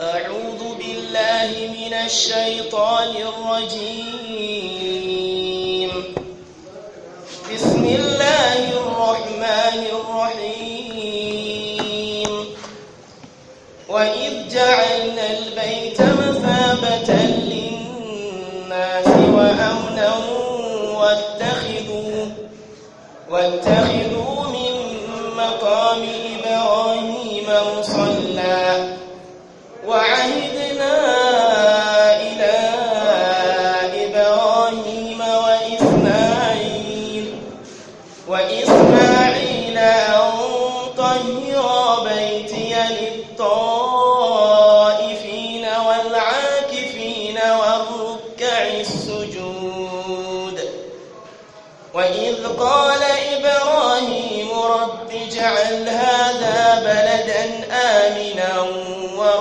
أعوذ بالله من الشيطان الرجيم بسم الله الرحمن الرحيم وإذ جعلنا البيت مثابة للناس وأمنا واتخذوا واتخذوا من مقام إبراهيم مصلى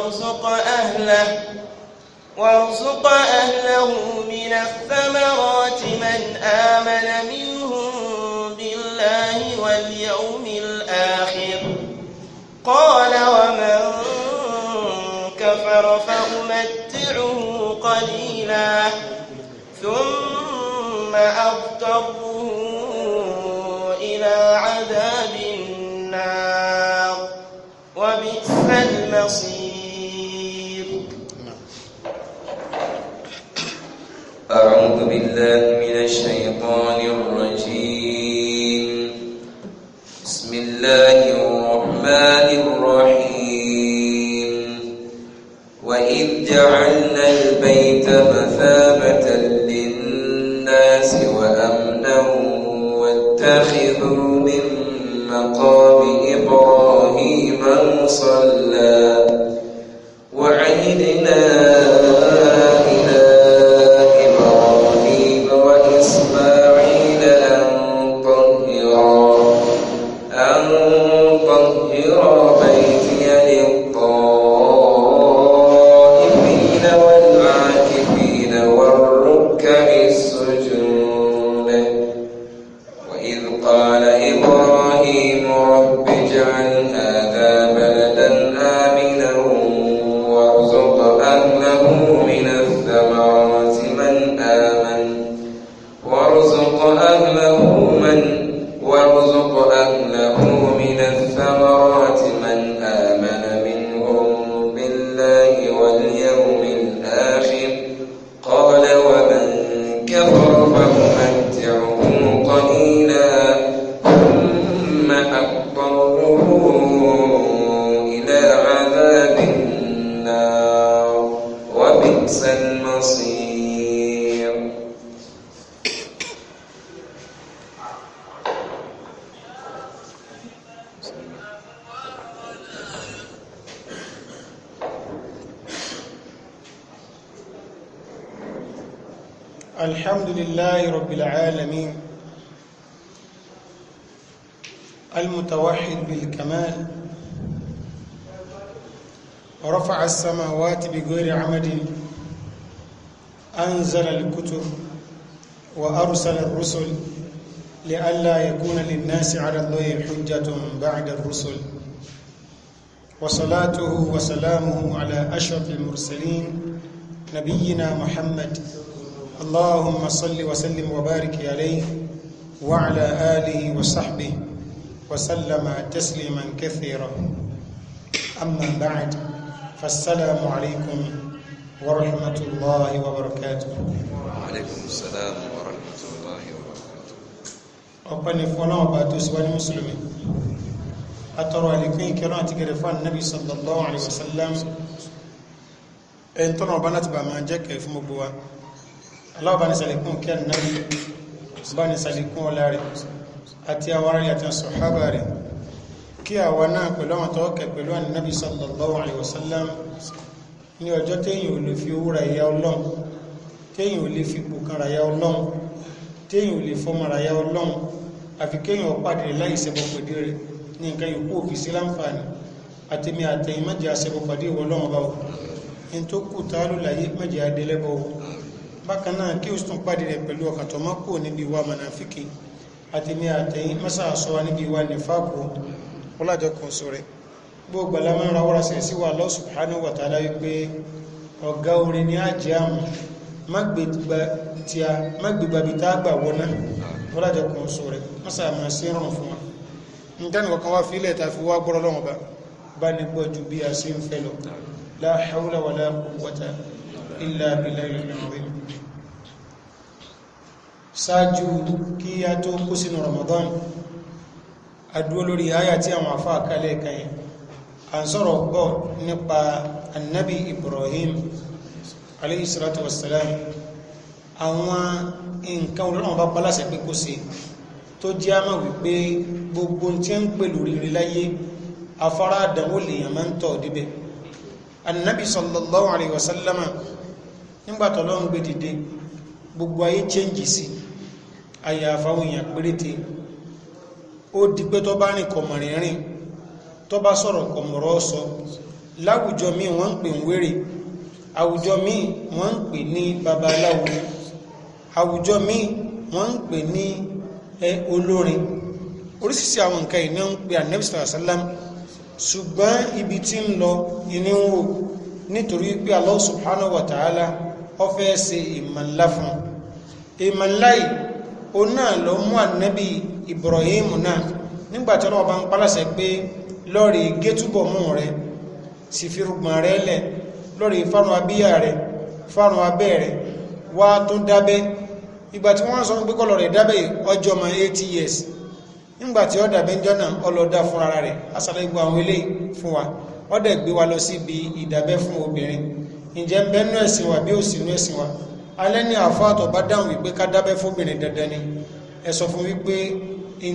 وارزق أهله وارزق أهله من الثمرات من آمن منهم بالله واليوم الآخر قال ومن كفر فأمتعه قليلا ثم أضطره إلى عذاب النار وبئس المصير أعوذ بالله من الشيطان الرجيم بسم الله الرحمن الرحيم وإذ جعلنا البيت مثابة للناس وأمنا واتخذوا من مقام إبراهيم مصلى صلاته وسلامه على أشرف المرسلين نبينا محمد اللهم صل وسلم وبارك عليه وعلى آله وصحبه وسلم تسليما كثيرا أما بعد فالسلام عليكم ورحمة الله وبركاته وعليكم السلام ورحمة الله وبركاته أقني فلان باتوس وني مسلمين atọrọ alikun ìkẹrọ àti gẹrẹ fún anabi sallallahu alayhi wa sallam ẹni tọ́nà ọba láti bá máa jẹ́ kẹ̀ fún gbogbo wa aláwọ̀ bá ní sàlékún kí anabi bá ní sàlékún ọlá rẹ̀ àti àwọn ará àti sọ̀hábà rẹ̀ kí àwa náà pẹ̀lú àwọn tọ́ọ̀kẹ̀ pẹ̀lú anabi sallallahu alayhi wa sallam ní ọjọ́ téèyàn ò lè fi owó ra ìyá ọlọ́run téèyàn lè fi ipò kan ra ìyá ọlọ́run lè fọmọ ra ìyá àfi kéèyàn ó pàdé láì ṣẹbọ pẹ̀lú rẹ̀ ní nǹkan yòókù òfin sí láǹfààní àtẹ̀mí àtẹ̀yìn mẹ́jẹ àṣẹbọ̀ pàdé ìwọ ọlọ́run bá o ní tó kù táàlù láyé mẹ́jẹ adélẹ́bọ̀ o bákan náà kí o tún pàdé rẹ̀ pẹ̀lú ọkàn tó má kú níbi ìwà mànàfíkì àtẹ̀mí àtẹ̀yìn mẹ́sà àṣọ wa níbi ìwà nìfàkù ọlájọkùn rẹ̀ gbogbo àlámà Allah subhanahu wa ta'ala wípé ọ̀gá orin ni á jẹ́ àmọ́ má gbégbá bí tá a gbà wọ́n rẹ̀ ntẹni kankan wá fílẹ̀ ta fi wá gbọ́rọ̀ lọ́wọ́ bá bá ní gbọ́ ju bí a ṣe ń fẹ́ lọ la hawla wala quwwata illa billahi al-azim ṣáájú kí a tó kó sínú Ramadan adúró lórí àyà tí àwọn afá kalẹ̀ kan yẹn à ń sọ̀rọ̀ bọ̀ nípa annabi Ibrahim alayhi salatu wassalam àwọn nǹkan olóòrùn bá paláṣẹ pé kó ṣe tó jẹ́ àmà wípé gbogbo tí ń pè lórí rí láyé afárá àdánwò lèèyàn máa ń tọ̀ débẹ̀ annabi sallallahu alaihi wasallama nígbà tó lọ́n gbé dìde gbogbo ayé chẹ́ǹjì sí àyà àfáwọn èèyàn péréte ó di pé tó bá rìn kọ̀mọ̀rin rìn tó bá sọ̀rọ̀ kọ̀mọ̀rọ̀ sọ láwùjọ míì wọ́n ń pè ń wérè àwùjọ míì wọ́n ń pè ní babaláwo àwùjọ míì wọ́n ń pè ní olórin oríṣiríṣi àwọn nǹkan ìní ń pe ànábì sallallahu ibi tí ń lọ ìní ń wò nítorí pé wa ṣe ìmọ̀lá fún ìmọ̀lá o náà lọ mú Ibrahim náà nígbàtí ọlọ́wọ́ bá ń pálàṣẹ pé lọ́rí gétúbọ̀ mú rẹ sì fi rúgbọ̀n rẹ lẹ̀ lọ́rí fárun abíyà rẹ abẹ́ rẹ wá dábẹ́ ìgbà tí wọ́n sọ pé kọ́lọ̀ rẹ̀ dábẹ̀ ọjọ́ ma 80 years nígbà tí ọ̀dà bẹ́ńjọ́ náà ọlọ́dà fún ara rẹ̀ asàlẹ̀ gbogbo àwọn ilé fún wa ọ̀dà gbé wa lọ síbi ìdábẹ́ fún obìnrin ǹjẹ́ ń bẹ́nu ẹ̀sìn wa bí ó sì nú ẹ̀sìn wa alẹ́ ní àfáàtọ̀ bá dáhùn wípé ká dábẹ́ fóbìnrin dandan ni ẹ sọ fún wípé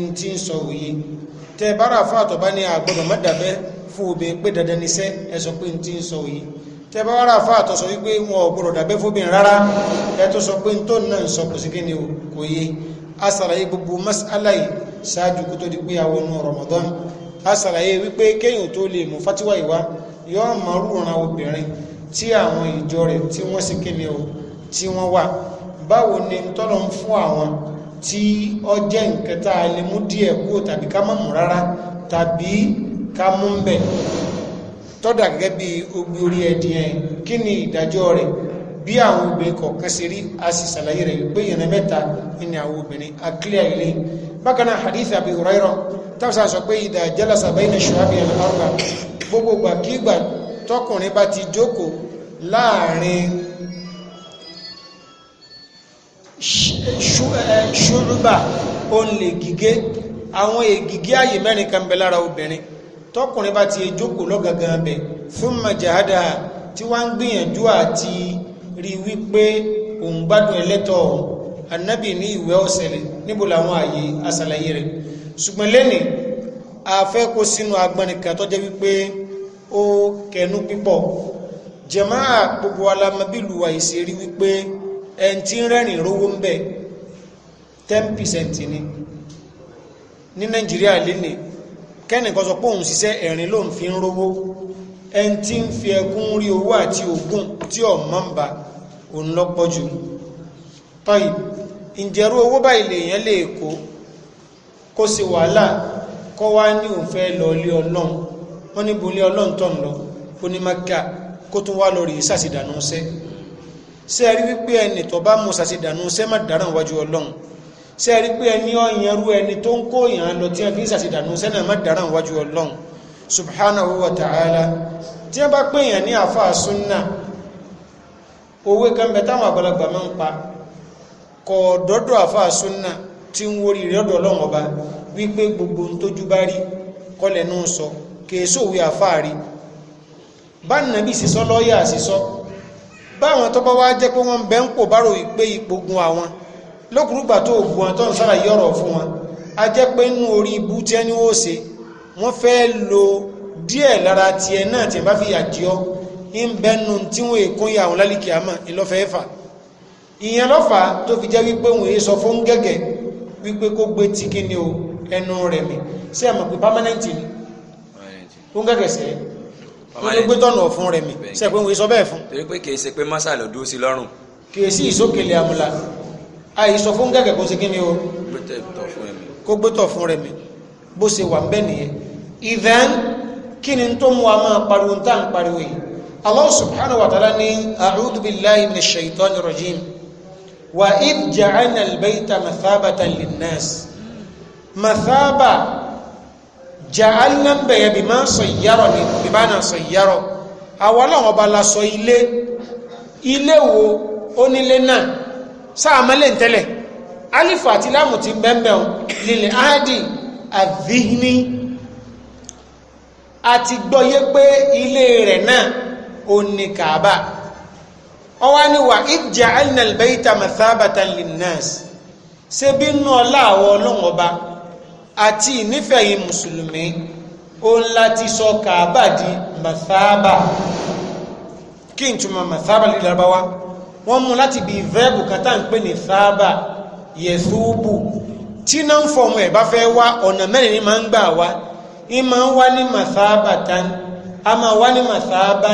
n ti ń sọ òye tẹ bára àfáàtọ̀ bá ní àgbọ̀dọ̀ má dábẹ́ fún obìnrin pé dandan ni sẹ́ ẹ sọ pé n ti ń sọ òye tẹ́bá wára fà àtọ́ sọ wípé wọn ọ̀gbọ̀rọ̀ dàbẹ́ fóbìnrin rárá ẹ̀tọ́ sọ pé tó náà sọ kò sí kí ni kò yé a gbogbo masala yìí ṣáájú tó di pé àwọn Ramadan a sàlàyé wípé kéèyàn tó lè mú fatiwa ìwá yóò máa rúran obìnrin tí àwọn ìjọ rẹ̀ tí wọ́n sì kí ni o tí wọ́n wà báwo ni tọ́lọ ń fún àwọn tí ọ jẹ́ nǹkan tá díẹ̀ kú tàbí ká má rárá tàbí ká mú ń tọ́dà gẹ́gẹ́ bí ogbí orí ẹ̀dì ẹ̀ kí ni ìdájọ́ rẹ̀ bí àwọn obìnrin kọ̀ọ̀kan sí rí a sì sàlàyé rẹ̀ wípé ìyẹn mẹ́ta ní àwọn obìnrin akílẹ̀ ilé bákanáà hadith àbí Hurairah tàbí sọ pé ìdá jalasa bayna shu'abi al-arba gbogbogbà kí ìgbà tọkùnrin bá ti jókòó láàrin ṣúrúbà eh, ó gígé àwọn ègìgé àyè mẹ́rin kan bẹ lára obìnrin tọkùnrin bá ti jókòó lọ́gangan bẹ̀ fún majahada tí wọ́n ń gbìyànjú àti rí wípé òun gbádùn ẹlẹ́tọ̀ anábì ní ìwé ọ̀sẹ̀lẹ̀ níbo làwọn ààyè asàlàyé rẹ̀ ṣùgbọ́n lẹ́nì afẹ́ kó sínú agbọ́nrin kan tọ́jẹ́ wípé ó kẹnu pípọ̀ jẹ̀máà gbogbo alamabílù àìsè rí wípé ẹn tí ń rẹ́rìn rówó ń bẹ̀ 10% ni ní Nàìjíríà lẹ́nìí kẹ́nìkan sọ pé òun ṣiṣẹ́ ẹ̀rin ló ń fi ń rówó ẹni tí ń fi ẹkún rí owó àti ogún tí ọ̀ mọ́ ń ba òun lọ́pọ̀ jù tọ́yì ìjẹ̀rú owó báyìí lèèyàn lè kó kó sì wàhálà kọ́ wá ní òun fẹ́ lọ ilé ọlọ́run wọ́n níbo ilé ọlọ́run tọ̀ lọ ó ní maka kó tún wá lọ rí sàṣìdànù sẹ́ẹ̀rí wípé ẹnì tó bá mú sàṣìdànù má dáràn wájú ọlọ́run ṣe rí pé ẹni ọ̀yàn rú ẹni tó ń kó èèyàn lọ tí wọ́n fi ń ṣàṣìdànù sẹ́nà má dára wájú ọlọ́run subhanahu wa ta'ala tí wọ́n bá pè èèyàn ní àfáà súnà owó kẹ́mbẹ̀ táwọn àgbàlagbà máa ń pa kọ̀ dọ́dọ̀ àfáà súnà tí ń wórí ìrẹ́dọ̀ ọlọ́run ọba wípé gbogbo ń tójú bá rí kọlẹ̀ lókùrúgbà tó ògùn wọn tó ń sára yọ̀rọ̀ fún wọn a jẹ́ pé nínú orí ibú tí ẹni ó ṣe wọ́n fẹ́ lo díẹ̀ lára tiẹ̀ náà tí ẹ bá fi yà jí ọ́ ń bẹnu tí wọ́n èkó ya àwọn lálìkì àmọ́ ìlọ́fẹ́ fà ìyẹn lọ́fà tó fi jẹ́ wípé wọ́n èé sọ fún gẹ́gẹ́ wípé kó gbé tí kí ni o ẹnu rẹ̀ mi sí àmọ́ pé pámánẹ́ǹtì ni fún gẹ́gẹ́ sẹ́ wọ́n ló gbé tọ̀nà fún rẹ̀ mi sí àpé wọ́n sọ bẹ́ẹ̀ fún. torí pé kì í ṣe pé mọ́sà ló dúró sí lọ́rùn. kì í sí ìsókèlè àmúlà àìsọ fún gẹ́gẹ́ kó ṣe kí ni o kó gbétọ̀ fún rẹ̀ mi bó ṣe wà ń bẹ́ nìyẹn ìdán kí ni tó mú wa máa pariwo tá ń pariwo yìí Allah subhanahu wa ta'ala ní a'udhu billahi minash rajim wa idh ja'alna al-bayta mathabatan mathaba ja'alna ń bẹ̀yẹ bí máa ni bí bá náà sọ ìyárọ̀ àwọn ọlọ́run la sọ ilé ilé wo onílé náà sáàmọ́lẹ̀ tẹ́lẹ̀ alifu àti láàmù ti bẹ́ẹ̀bẹ̀ lílẹ̀ áàdì àdìhní àti gbọ́yé pé ilé rẹ̀ náà ò ní kàábà ọwá ni wà ìjà alìnàlbẹ́ta mathabatan linnas ṣe bí nú ọlá àwọ ọlọ́run ọba àti ìnífẹ̀yìn mùsùlùmí ó ń láti sọ kàábà di mathaba kí n túnmọ̀ mathaba lílẹ̀ lọ́bàá wọ́n mú láti bí vẹ́ẹ̀bù kátà ń pè ní sáábà yẹ̀súbù tí náà ń fọmọ ẹ̀ bá fẹ́ wá ọ̀nà mẹ́rin ni máa ń gbà wá ń máa ń wá ní màsáábà tán a máa wá ní màsáábà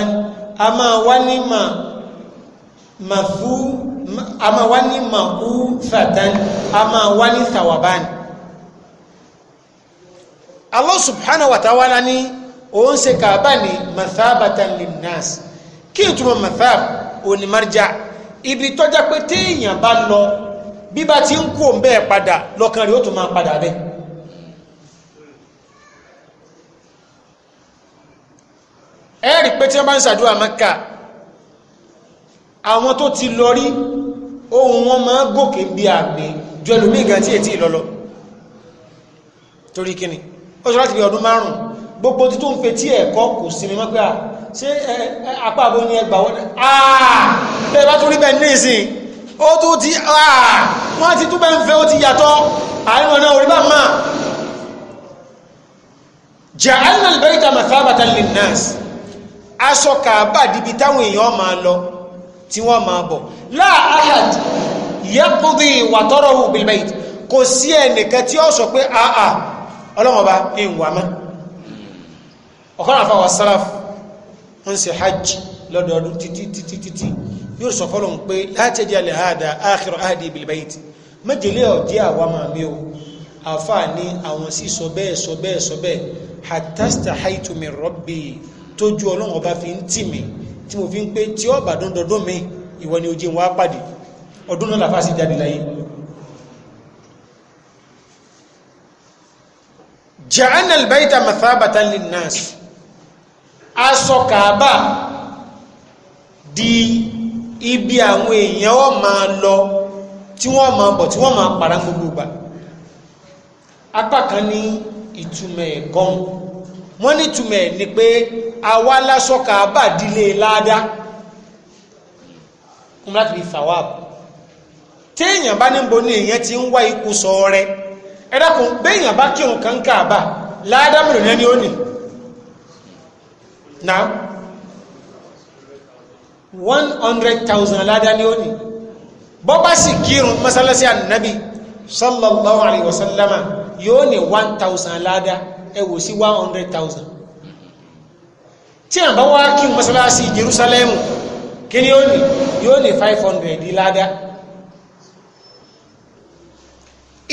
a máa wá ní mà màsú a máa wá ní màkú sàtán a máa wá ní sàwàbán. Allah subhanahu wa ta'ala òun ṣe kàbá ní màsáábà tán lin nas kí ìtumọ̀ màsáábà òní marja' ibi tọ́já pé téèyàn bá lọ bí bá ti ń kú òun bẹ́ẹ̀ padà lọ́kàn rẹ̀ ó tún máa padà bẹ́ẹ̀ ẹ̀rì pé tí wọ́n bá ń ṣàdúrà Mẹ́kà àwọn tó ti lọ rí ohun wọn máa gòkè bí àgbè ju ẹlòmíì gan tí ètí ìlọlọ torí kíni ó sọ láti bí ọdún márùn-ún gbogbo tí tó ń fetí ẹ̀kọ́ kò sinmi pé à ṣé apá àbò ni ẹgbà wọn bẹ́ẹ̀ bá tún rí bẹ́ẹ̀ ní ìsìn ó tún ti wọ́n ti tún bẹ́ẹ̀ ń fẹ́ ó ti yàtọ̀ àárín ọ̀nà orí bá máa ja'alna al-bayta mathabatan lin-nas aṣọ kàábà dìbí táwọn èèyàn máa lọ tí wọ́n máa bọ̀ la ahad yaqdi watarahu bil-bayt kò sí ẹnìkan tí ó sọ pé àà ọlọ́wọ́n bá ń wà mọ́ ọ̀kan àfàwọ̀ sáràfù ń ṣe hajj lọ́dọọdún títí yóò sọ fọ́lọ̀ pé láti ẹjẹ́ alẹ́ àdá àkìrọ̀ àdé bil bayt méjèlé ọ̀dí àwa máa mi o àfáà ní àwọn sì sọ bẹ́ẹ̀ sọ bẹ́ẹ̀ sọ bẹ́ẹ̀ hatasta haitu mi rabbi tójú ọlọ́run ọba fi ń tì mí tí mo fi ń pé tí ọba dundundun mi ìwọ ni ojú wa pàdé ọdún náà làfáà sì jáde láyé ja'alna al-bayta mathabatan lin-nas aṣọ kàábà di ibi àwọn èèyàn wọ́n máa lọ tí wọ́n máa bọ̀ tí wọ́n máa pàrà gbogbo gbà apá kan ní ìtumọ̀ ẹ̀gọ́n wọ́n ní ìtumọ̀ ẹ̀ ni pé àwa lásọ kàábà dílé ládá kún láti fi fà wá téèyàn bá ní bo èèyàn ti ń wá ikú sọ rẹ ẹ dákun béèyàn bá kírun kan kàábà ládá mìíràn ni ó nìí Now, one hundred thousand aládá ni ó ní bọ́ bá sì kírun mọ́sálásí ànábì sallallahu alayhi wa sallama yóò ní one thousand aládá ẹ wò sí one hundred thousand tí àbá wá kí mọ́sálásí Jerusalem kí ni ó ní yóò ní five hundred ládá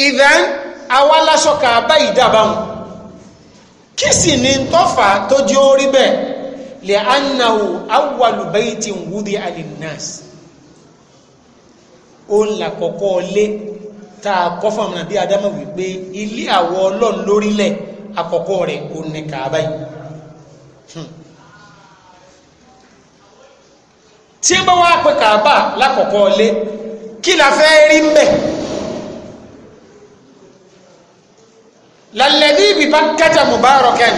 ìdán àwa lásọ̀kà bá ìdábàmù kí sì ni tọ́fà tó jí ó rí bẹ́ẹ̀ li'annahu awwalu baytin wudi'a lin-nas ó ń là kọ́kọ́ lé tá a kọ́ fún àwọn àbí adámọ̀ wípé ilé àwọ̀ ọlọ́run lórílẹ̀ àkọ́kọ́ rẹ̀ ó ní kàábà yìí tí ń bá wá pé kàábà lákọ̀ọ́kọ́ lé kí la fẹ́ rí ń bẹ̀ ibi bá kẹta mubarakan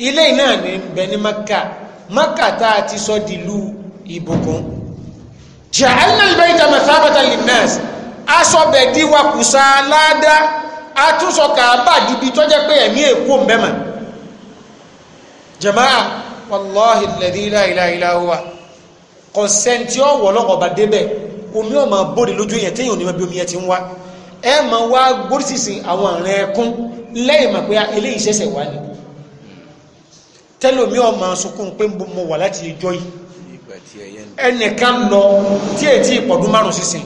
ilé náà ní bẹ ní maka maka tá a ti sọ dìlú ìbùkún ja'alna al-bayta mathabatan lin-nas asọ̀bẹ̀ díwakùsà ládá atúnṣọ kàábà dìbí tó pé ẹ̀mí èkó mẹ́mà jama'a wallahi alladhi la ilaha illa huwa kọ̀sẹ̀ntì ọ̀wọ̀ lọ́kọ̀ọ̀bà débẹ̀ omi ọ̀mà bóde lójú yẹn téèyàn ní bí omi yẹn ti ń wá ẹ máa wá gbórísìsìn àwọn àrẹ ẹkún lẹ́yìn mọ̀ pé eléyìí ṣẹ̀ṣẹ̀ wá ni tẹ́lómi ọmọ sunkún pé mo wà láti ìjọ yìí ẹnìkan lọ tí è tí ìpọ̀dún márùn sísìn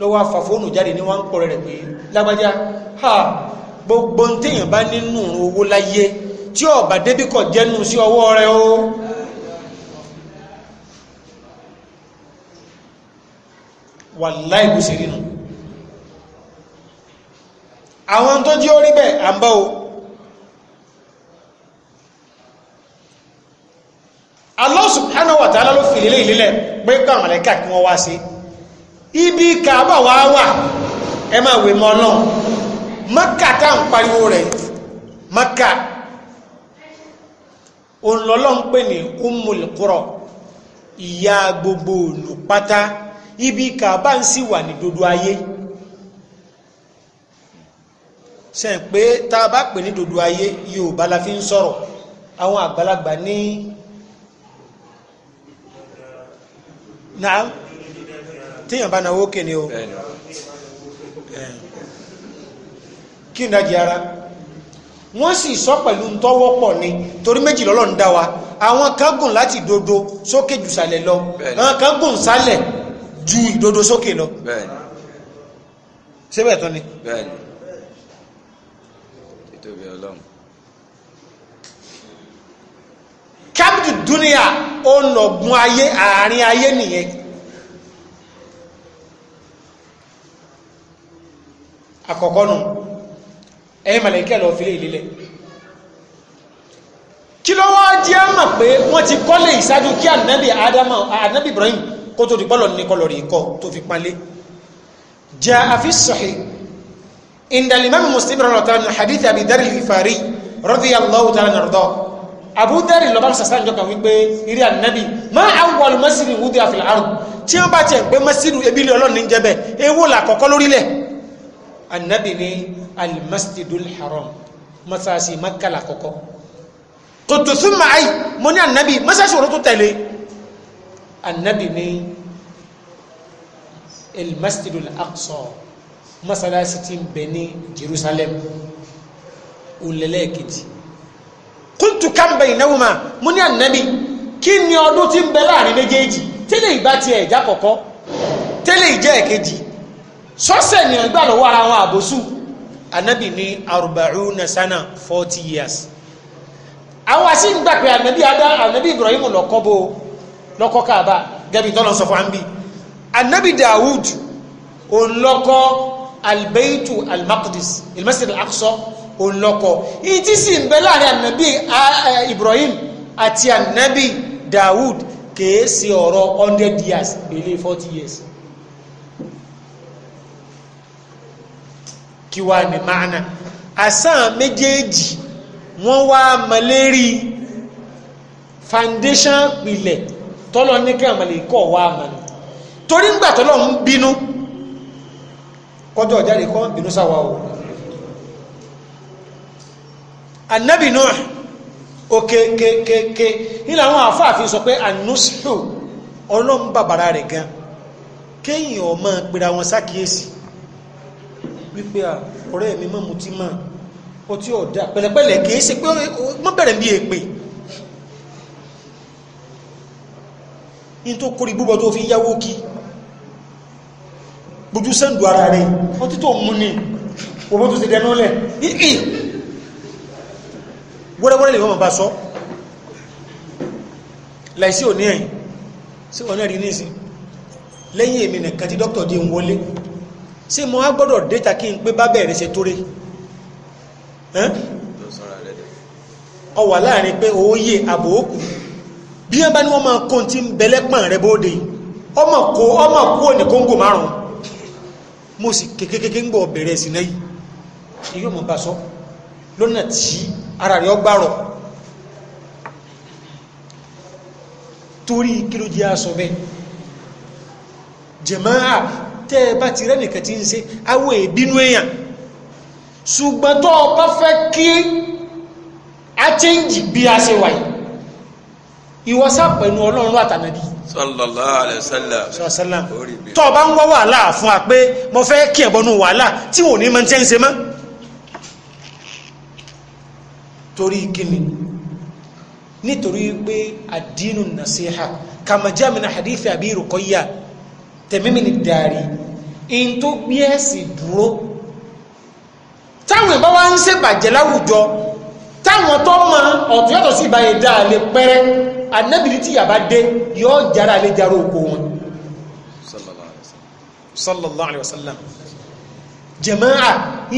lọ́wọ́ afa fóònù jáde ní wọ́n ń pọ̀rẹ̀ pé lágbájá ha gbogbo ń téèyàn bá nínú owó láyé tí ọba débí kọ̀ sí ọwọ́ rẹ̀ o wàláì bó ṣe rí nu àwọn tó jí ó rí bẹ́ẹ̀ à ń bá o Allah subhanahu wa ta'ala ló fìlélé ìlélẹ̀ pé káwọn màlàíkà kí wọ́n wá sí ibi kàábà wá wà ẹ máa wè mọ́ náà Mákà tá à ń pariwo rẹ̀ Mákà òǹlọ́lọ́ ń pè ní Ummul ìyá gbogbo òlù pátá ibi kàábà ń sì wà ní dodo ayé ṣe pé tá a bá pè ní dodo ayé Yorùbá la fi ń sọ̀rọ̀ àwọn àgbàlagbà ní. Ni náà téèyàn bá náwó kè ní o kí n dájì ara wọ́n sì sọ pẹ̀lú ntọ́wọ́ pọ̀ ni torí méjì lọ́lọ́ ń dá wa àwọn kan gùn láti dodo sókè jù sàlẹ̀ lọ àwọn kan gùn sálẹ̀ ju ìdodo sókè lọ síbẹ̀ tán ni. bẹ́ẹ̀ni títóbi Ọlọ́run. kábídù dúníà ó nọ̀gbun ayé àárín ayé nìyẹn àkọ́kọ́ nù ẹ̀yìn màlẹ́kẹ́ lọ fílẹ̀ ìlélẹ̀ kí ló wá jẹ́ mọ̀ pé wọ́n ti kọ́lé ìsájú kí ànábì Ádámù ànábì Ibrahim kó tó di bọ́lọ̀ ní kọlọ̀rì ikọ̀ tó fi palé jẹ́ àfi sahih indal imam Muslim hadith Abi Dharr al-Ghifari radiyallahu ta'ala anhu àbúdẹ́rì lọ́bá sàṣán jọ kan wípé irí ànábì má àwọn mẹ́sìrì wúdí àfìlà àrùn tí ó bá tiẹ̀ pé mẹ́sìrì ebílẹ̀ ọlọ́run ní jẹ́bẹ̀ ewó là kọ́kọ́ lórílẹ̀ ànábì ní almasjidul haram masasi makala kọ́kọ́ tòtò fún ma ayi mo ní ànábì masasi wọ́n tó tẹ̀lé ànábì ní almasjidul aqsa masalasi ti bẹ̀ ní Jerusalem òlẹ́lẹ́kejì kúntù kánbẹ̀ ìnáwùmá muni ní ànábì ni ọdún tí ń bẹ láàrin méjèèjì tẹ́lẹ̀ ìgbà ti ẹ̀já kọ̀kọ́ tẹ́lẹ̀ ìjẹ́ ẹ̀kejì sọ́sẹ̀ ni àgbà lọ́wọ́ ara wọn àbòsù ànábì ní arùbàrún sana forty years àwọn àti ń gbà pé ànábì adá ànábì Ibrahim lọ́kọ́ bo lọ́kọ́ káàbà gẹ́bí tọ́lọ́ sọ fún àǹbì ànábì Dawud òun lọ́kọ́ albeitu almaqdis ilmasjid al-aqsa olọ́kọ̀ ìtí sì ń bẹ láàrin ànábì Ibrahim àti ànábì Dawud kèé sí ọ̀rọ̀ 100 years ilé 40 years kí wá ní máàna àsán méjèèjì wọ́n wá mọ̀lérí foundation pilẹ̀ tọ́lọ ní kí àmàlẹ̀ kọ́ wá mọ̀lẹ̀ torí ń gbà tọ́lọ ń bínú kọjọ́ ìjáde kọ́ bínú sáwà òun anabi nuh okekekeke nílẹ̀ àwọn àfáàfin sọ pé anusu, ọlọ́run bàbàrà rẹ̀ gan kéèyàn ọmọ pera wọn sákìyèsí wípé ọ̀rẹ́ mi mọ́ mu ti mọ́ ọ tí ọ̀dà pẹ̀lẹ́pẹ̀lẹ́ kìí ṣe pé mọ́ bẹ̀rẹ̀ bí èpè ní tó kórì búbọ̀ tó fi yáwó kí gbójú sẹ́ndù ara rẹ̀ ọtí tó mú ni òbó tó ti dẹnu lẹ̀ wẹ́rẹ́wẹ́rẹ́ lè wọ́n bá sọ láìsí òní ẹ̀yìn sí wọ́n náà rí ní ìsìn lẹ́yìn èmi nìkan tí dókítà di ń wọlé ṣé mo á gbọ́dọ̀ déta kí n pé bá bẹ̀rẹ̀ ṣe tó rí ọ wà láàrin pé òye àbòókù bí wọ́n bá ní wọ́n máa kó tí ń bẹlẹ́pọ̀n rẹ bóde ọmọ kó ọmọ tí ara rẹ̀ ọgbàrọ̀ torí kí ló jẹ́ aṣọ bẹ́ẹ̀ jẹ̀máà tẹ́ ẹ bá ti rẹ́nìkan ti ń ṣe awọ ìbínú èèyàn ṣùgbọ́n tó o fẹ́ kí a chẹ́ǹjì bí a ṣe wáyé ìwọ sápẹ̀nu ọlọ́run àtànàbí sallallahu alaihi wasallam tó o bá ń wá wàhálà fún wa pé mo fẹ́ kí ẹ̀bọnú wàhálà tí wò ní mọ́ tẹ́ ń ṣe mọ́ torí kíni nítorí pé àdínú nàṣíhà kàmájá mi na hadithi àbí ìrùkọ́yà tẹ̀mímì ni dàrí in tó gbé ẹ̀sìn dúró táwọn ìbá wa ń ṣèbàjẹ́ láwùjọ táwọn tó mọ ọ̀tún yàtọ̀ sí ìbáyé dáa lè pẹ́rẹ́ anábìrì tí yàbá dé yóò jára lè jára oko wọn sallallahu alaihi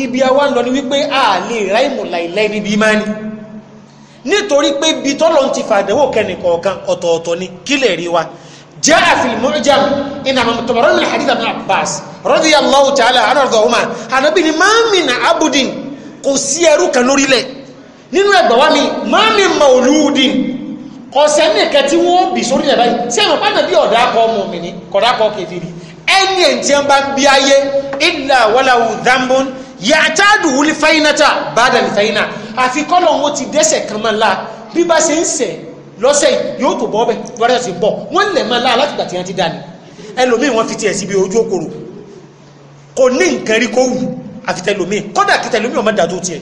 ibi àwọn lọ ni wípé a lè ráìmù láìláì níbi imani nítorí pé bí tọ́lọ̀ ti fàdẹ̀wò kẹ́nìkọ̀ọ̀kan ọ̀tọ̀ọ̀tọ̀ ni kílẹ̀ rí wa جاء في المعجم إن طبراني من حديث ابن عباس رضي الله تعالى عنه رضاهما أنا بني ما من عبد قسيرو كنوري لي nínú ẹgbàwá mi máa mi mọ̀lúùdì ọ̀sẹ̀ nìkan tí wọ́n bì sórí ẹ̀ báyìí sí ẹ̀mọ̀ pàdé bí ọ̀dà akọ ọmọ ẹni ẹ̀ tí wọ́n bá ń bí ayé ìlà wàláwù dambon yàtàdù wuli fáyínátà bàdà ní fáyínà àfi kọ́lọ̀ wọn ti dẹ́sẹ̀ kan máa la bí bá ṣe ń sẹ̀ lọ́sẹ̀ yóò tó bọ́ bẹ́ wọ́n ti bọ̀ wọ́n lẹ̀ máa la alátìgbà tí wọ́n ti dání ẹlòmíì wọ́n fi tiẹ̀ síbi ojú okòrò kò ní nǹkan rí kó wù àfi tẹlòmíì kọ́dà kí tẹlòmíì ọmọ dàdó tiẹ̀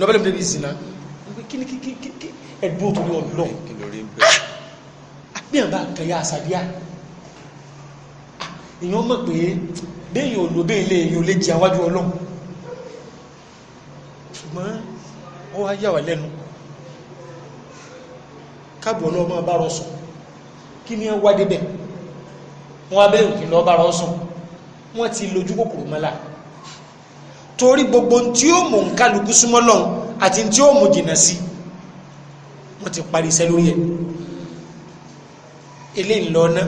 lọ́bẹ̀lẹ̀ mi débi ìsìnà ẹ̀dùn tó ní ọ̀lọ́ àbí àbá kẹyà àsàdíà ah! èèyàn mọ̀ pé béèyàn olóbé ilé èyàn lè jẹ àwájú ọlọ́run ṣùgbọ́n wọ́n wá yà wà lẹ́nu káàbù ọlọ́mọ bá rọ sùn kí ni wá débẹ̀ wọ́n abẹ́rù kí lọ bá rọ sùn wọ́n ti lójú kòkòrò mọ́lá torí gbogbo tí ó mú nkálukú súnmọ́ lọ́hùn àti tí ó mú jìnnà sí wọ́n ti parí iṣẹ́ lórí ẹ̀ ilé ńlọ náà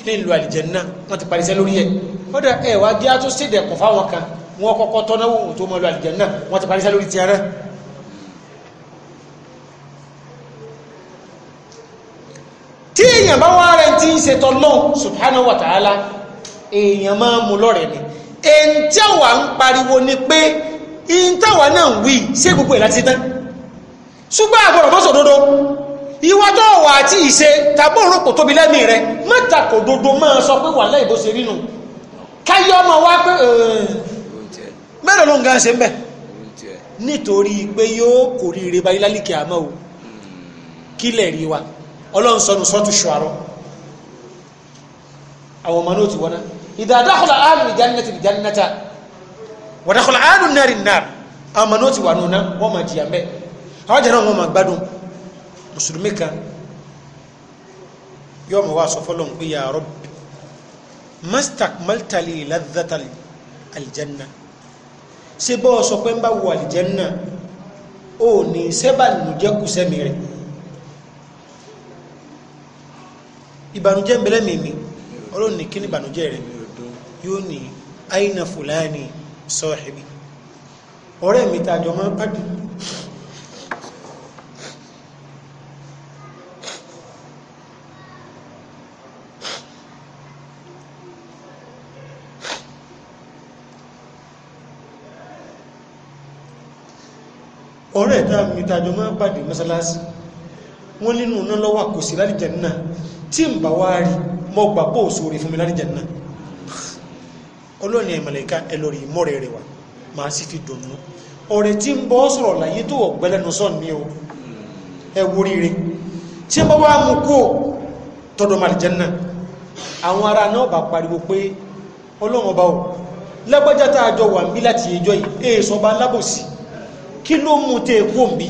ilé ńlọ àlìjẹ náà wọ́n ti parí iṣẹ́ lórí ẹ̀ kódà ẹ wá jẹ́ àtún sídẹ̀ kọ̀ fáwọn kan wọ́n kọ́kọ́ tọ́nà wọn tó mọ́ lọ àlìjẹ̀ náà wọ́n ti parí lórí ti ẹran tí èèyàn bá wá rẹ̀ tí ń ṣe tọ́lọ́n subhanahu wa máa mú lọ́rẹ̀ ni èyí tí àwa ń pariwo ni pé ìyí táwa náà ń wí ṣé gbogbo ẹ̀ láti tán ṣùgbọ́n àbọ̀rọ̀ bọ́sọ̀dodo ìwà tó wà àti ìṣe tàbí òrùn kò tóbi lẹ́mìí rẹ mẹ́ta kò dodo máa sọ pé wà láì bó ṣe rí nù káyọ́ ọmọ wá pé mẹ́rin ló ń gan ṣe ń bẹ̀ nítorí pé yóò kò rí ire báyìí lálìkẹ́ àmọ́ o kí lẹ̀ rí wa ọlọ́run sọnù sọ́tù ṣùárọ̀ àwọn ọmọ náà ti wọ́n náà idha dakhala ààrùn ìjánilẹ́tì ìjánilẹ́ta wa dakhala ààrùn náírì náà àwọn ọmọ náà ti wà nùnà wọ́n máa jìyà mẹ́ àwọn jẹ́ náà wọ́n máa gbádùn mùsùlùmí kan yóò mọ̀ wá sọ fọ́lọ́ ń pè ya Rabbi mastakmalta li ladhata aljanna ṣe bọ́ sọ pé ń bá wo aljanna ó ní sẹ́bà nìjẹ́ kù sẹ́mi rẹ̀ ìbànújẹ́ mbẹ́lẹ́ mímí ọlọ́run ní kí ni ìbànújẹ́ rẹ̀ yóò ní aina fulani sahibi ọ̀rẹ́ mi tàjọ máa ń pàdé ọ̀rẹ́ ìta mìtàjọ máa pàdé mọ́sálásí wọ́n nínú náà lọ́wà kò sí lálìjẹ̀ náà tí ń bà wá rí mọ́ gbà bó sórí fún mi lálìjẹ̀ náà ọlọ́ni ẹ̀mọ̀lẹ́ká ẹlọ́rì mọ́rẹ̀ rẹ̀ wà máa sì fi dùnnú ọ̀rẹ́ tí ń bọ́ sọ̀rọ̀ láyé tó ọ̀gbẹ́lẹ́nu sọ́n ní o ẹ wà ń bí láti ẹjọ́ yìí èèsọ̀ bá lábòsí kí ló mú tẹ kú òǹbí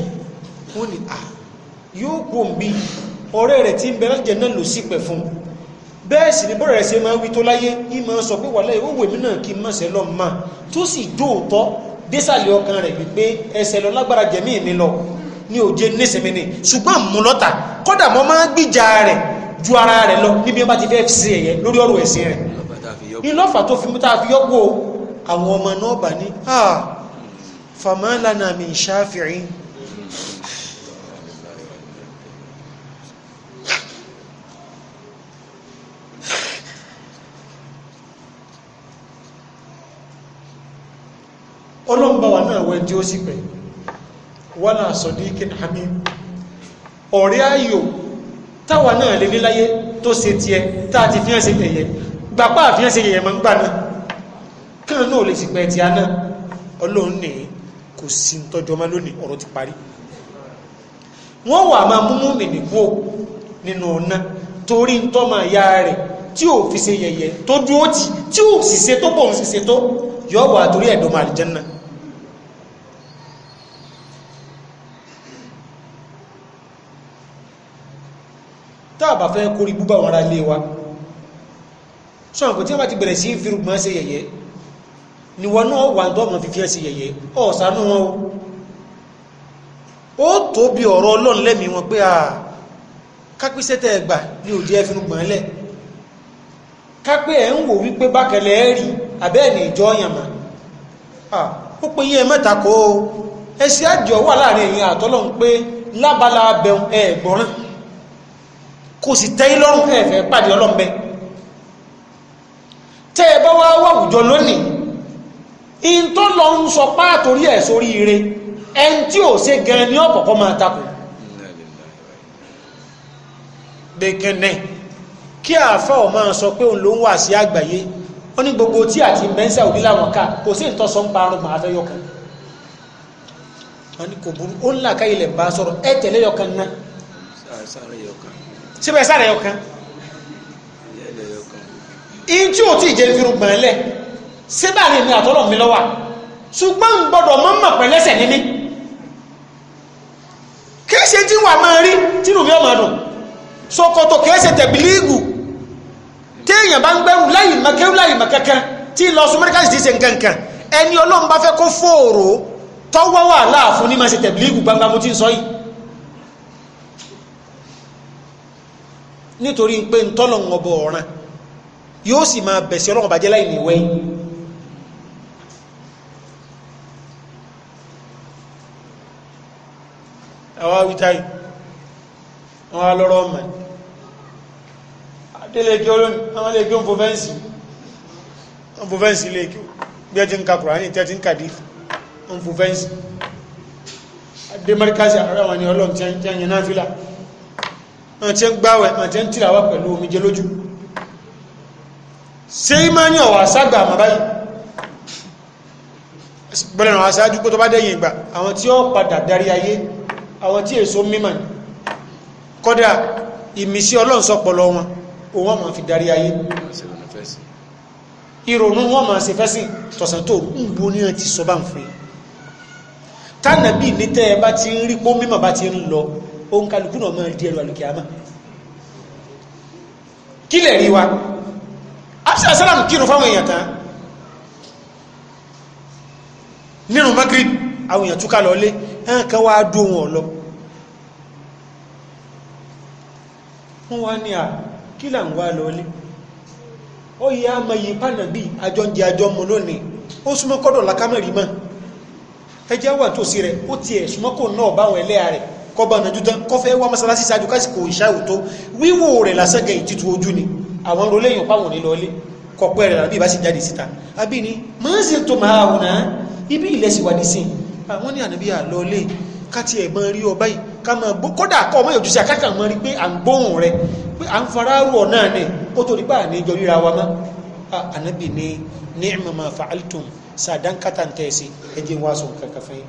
wọ́n ní à yóò kú òǹbí ọ̀rẹ́ rẹ̀ tí ń bẹ lọ́jẹ̀ náà ló sì pẹ̀ fún bẹ́ẹ̀ sì ni bọ́ọ̀rẹ̀ ṣe máa wí tó láyé ní máa sọ pé wàlẹ́ ìwé mi náà kí n má ṣe lọ mà tó sì dóòtọ́ désàlẹ̀ ọkàn rẹ̀ wípé ẹsẹ̀ lọ lágbára jẹ̀mí mi lọ ní òjé nísìnmi ni ṣùgbọ́n mú lọ́ta kọ́dà mọ́ máa ń gbìjà rẹ̀ ju ara rẹ̀ lọ níbi bá ti fẹ́ ṣe ẹ̀yẹ lórí ọ̀rọ̀ ẹ̀sìn rẹ̀ ìlọ́fà tó fi mú tá a fi yọ́pọ̀ àwọn ọmọ náà bà ní فما لنا من شافعين ọlọ́mbà wà náà wẹ́ tí ó sì pẹ̀ wọ́n náà sọ̀díkín hamim ọ̀rẹ́ ayò táwa náà lè níláyé tó ṣe ti ẹ táà ti fíhàn sí ẹ̀yẹ gbapá àfíhàn sí ẹ̀yẹ mọ́ ń gbà náà kí náà lè sì pẹ̀ tí a náà ọlọ́run nìyí kò sí tọ́jọ́mọ́ lónìí ọ̀rọ̀ ti parí wọ́n wà máa múmú mi nìkú nínú ọ̀nà torí ń tọ́mà ya rẹ̀ tí ò fi ṣe yẹ̀yẹ̀ tó dúró tì tí ò sì ṣe tó bọ̀ ń sì ṣe tó yọ wà torí ẹ̀dọ̀mọ̀ àlìjẹ́nà tàbà fẹ́ kórí búbá wọn ara lé wa sọ́nà kò tí wọ́n bá ti bẹ̀rẹ̀ sí fírùgbọ́n ṣe yẹ̀yẹ̀ ni wọn náà wà dọ́gbọ̀n fífí ẹ̀sì yẹ̀yẹ̀ ọ̀sánú wọn ó tó bí ọ̀rọ̀ ọlọ́n lẹ́mí wọn pé àà kápísẹ́tẹ̀ ẹgbà ní òjì ẹfinúgbọ̀n lẹ̀ kápẹ́ ẹ̀ ń wò wípé bákẹlẹ̀ ẹ̀ rí àbẹ́ẹ̀ ìjọ yàmà ó pe yí mẹ́ta kó o àjọ wà láàrin ẹ̀yìn in tó lọ ń sọ páàtò rí ẹ̀ sórí ire ẹn tí ò ṣe gan ni ọ̀pọ̀pọ̀ máa takò dèkẹ̀nẹ̀ kí àáfà ọ̀ máa sọ pé òun ló ń wà sí àgbáyé ó ní gbogbo tí àti mẹ́ńsà òbí láwọn ká kò sí ìtọ́sọ ń parun màá fẹ́ yọkan wọn ni kò burú ó ń là ká ilẹ̀ bá sọ̀rọ̀ ẹ tẹ̀lé yọkan náà síbẹ̀ sáré yọkan in tí ò tí ì jẹ́ fi rúgbọ̀n lẹ̀ ṣé báyìí mi àtọ́lọ̀ mi lọ́wà ṣùgbọ́n ń gbọ́dọ̀ mọ́ mọ̀ pẹ̀ lẹ́sẹ̀ ní mí kìí ṣe tí wà máa rí tínú mi ọmọ dùn ṣòkòtò kìí ṣe tẹ̀bílíìgù téèyàn bá ń gbẹ́rù láyì mọ̀kẹ́rù láyì mọ̀kẹ́kẹ́ tí lọ sún mẹ́ríkà sì ṣe nkankan ẹni ọlọ́run bá fẹ́ kó fòòrò tọ́wọ́ wà láàfún ní máa ṣe tẹ̀bílíìgù gbangba mo ti ń sọ yìí nítorí pé ń tọ́lọ̀ ń ọ̀ràn yóò sì máa bẹ̀sẹ̀ ọlọ́run bàjẹ́ láì níwẹ́yìn àwọn awítáì àwọn alọ́rọ̀ ọmọ adélèké olómi àwọn lèké òǹfò fẹ́ǹsì òǹfò fẹ́ǹsì lèké bí ẹ ti ń ka kùránì tẹ́ ti ń kàdí òǹfò fẹ́ǹsì àwọn ni ọlọ́run tí a yẹn náà fílà wọn ti ń gbáwẹ̀ wọn ti ń tìràwá pẹ̀lú omijé lójú ṣé imáni ọ̀wà ságbà àmàbáyìí bẹ̀rẹ̀ àwọn aṣáájú pé tó bá dẹ̀yìn ìgbà àwọn tí ó padà darí ayé àwọn tí èso mímọ̀ ní kọ́dá ìmísí ọlọ́nsọpọlọ wọn òun wọ́n ma fi darí ayé ìrònú wọ́n ma ṣe fẹ́sì tọ̀sán tó ń bú ní ti sọ bá ń fún tánàbí ní tẹ́ ẹ bá ti ń rí pó mímọ̀ bá ti ń lọ ohun kálukú náà máa di ẹrù àlùkìyàmá kí lè rí wa absa salam kírun fáwọn èèyàn tán nínú magrib àwọn èèyàn túká lọ lé ẹn kan wá dó wọn lọ wọ́n wá ní à kí là ń wá lọlé ó yẹ amáyé pánàbí àjọ ń jẹ àjọ mọ lónìí ó súnmọ́ kọ́dọ̀ lákámẹ́rì mọ́ ẹjẹ́ wà tó sí rẹ̀ ó ti ẹ̀ súnmọ́ kò náà báwọn ẹlẹ́yà rẹ̀ kọba ọ̀nà jútán kọ́ fẹ́ wá mọ́sálásí sáájú kásìkò ìṣáwò tó wíwò rẹ̀ lásẹ́gẹ̀ ìtìtù ojú ni àwọn roléyìn páwọn ní lọlé kọ̀pẹ́ rẹ̀ làbí ìbá sì jáde síta abíní mọ́ sí tó máa wùnà ibi ilẹ̀ sì wà àwọn ah, ní ànábí àlọ́lé káti ẹ̀mọ́ rí ọba yìí ká mọ̀ gbó kódà kọ́ ọmọ ìjọsí akáka mọ́ rí pé à ń gbóhùn rẹ pé à ń farárù ọ̀nà nẹ ó tó nípa àní ìjọ ríra wa mọ́ ah, ànábì ní ní ìmọ̀mọ̀ fa'altum sàdánkátà ń tẹ̀sí ẹjẹ́ wá sọ kankan fẹ́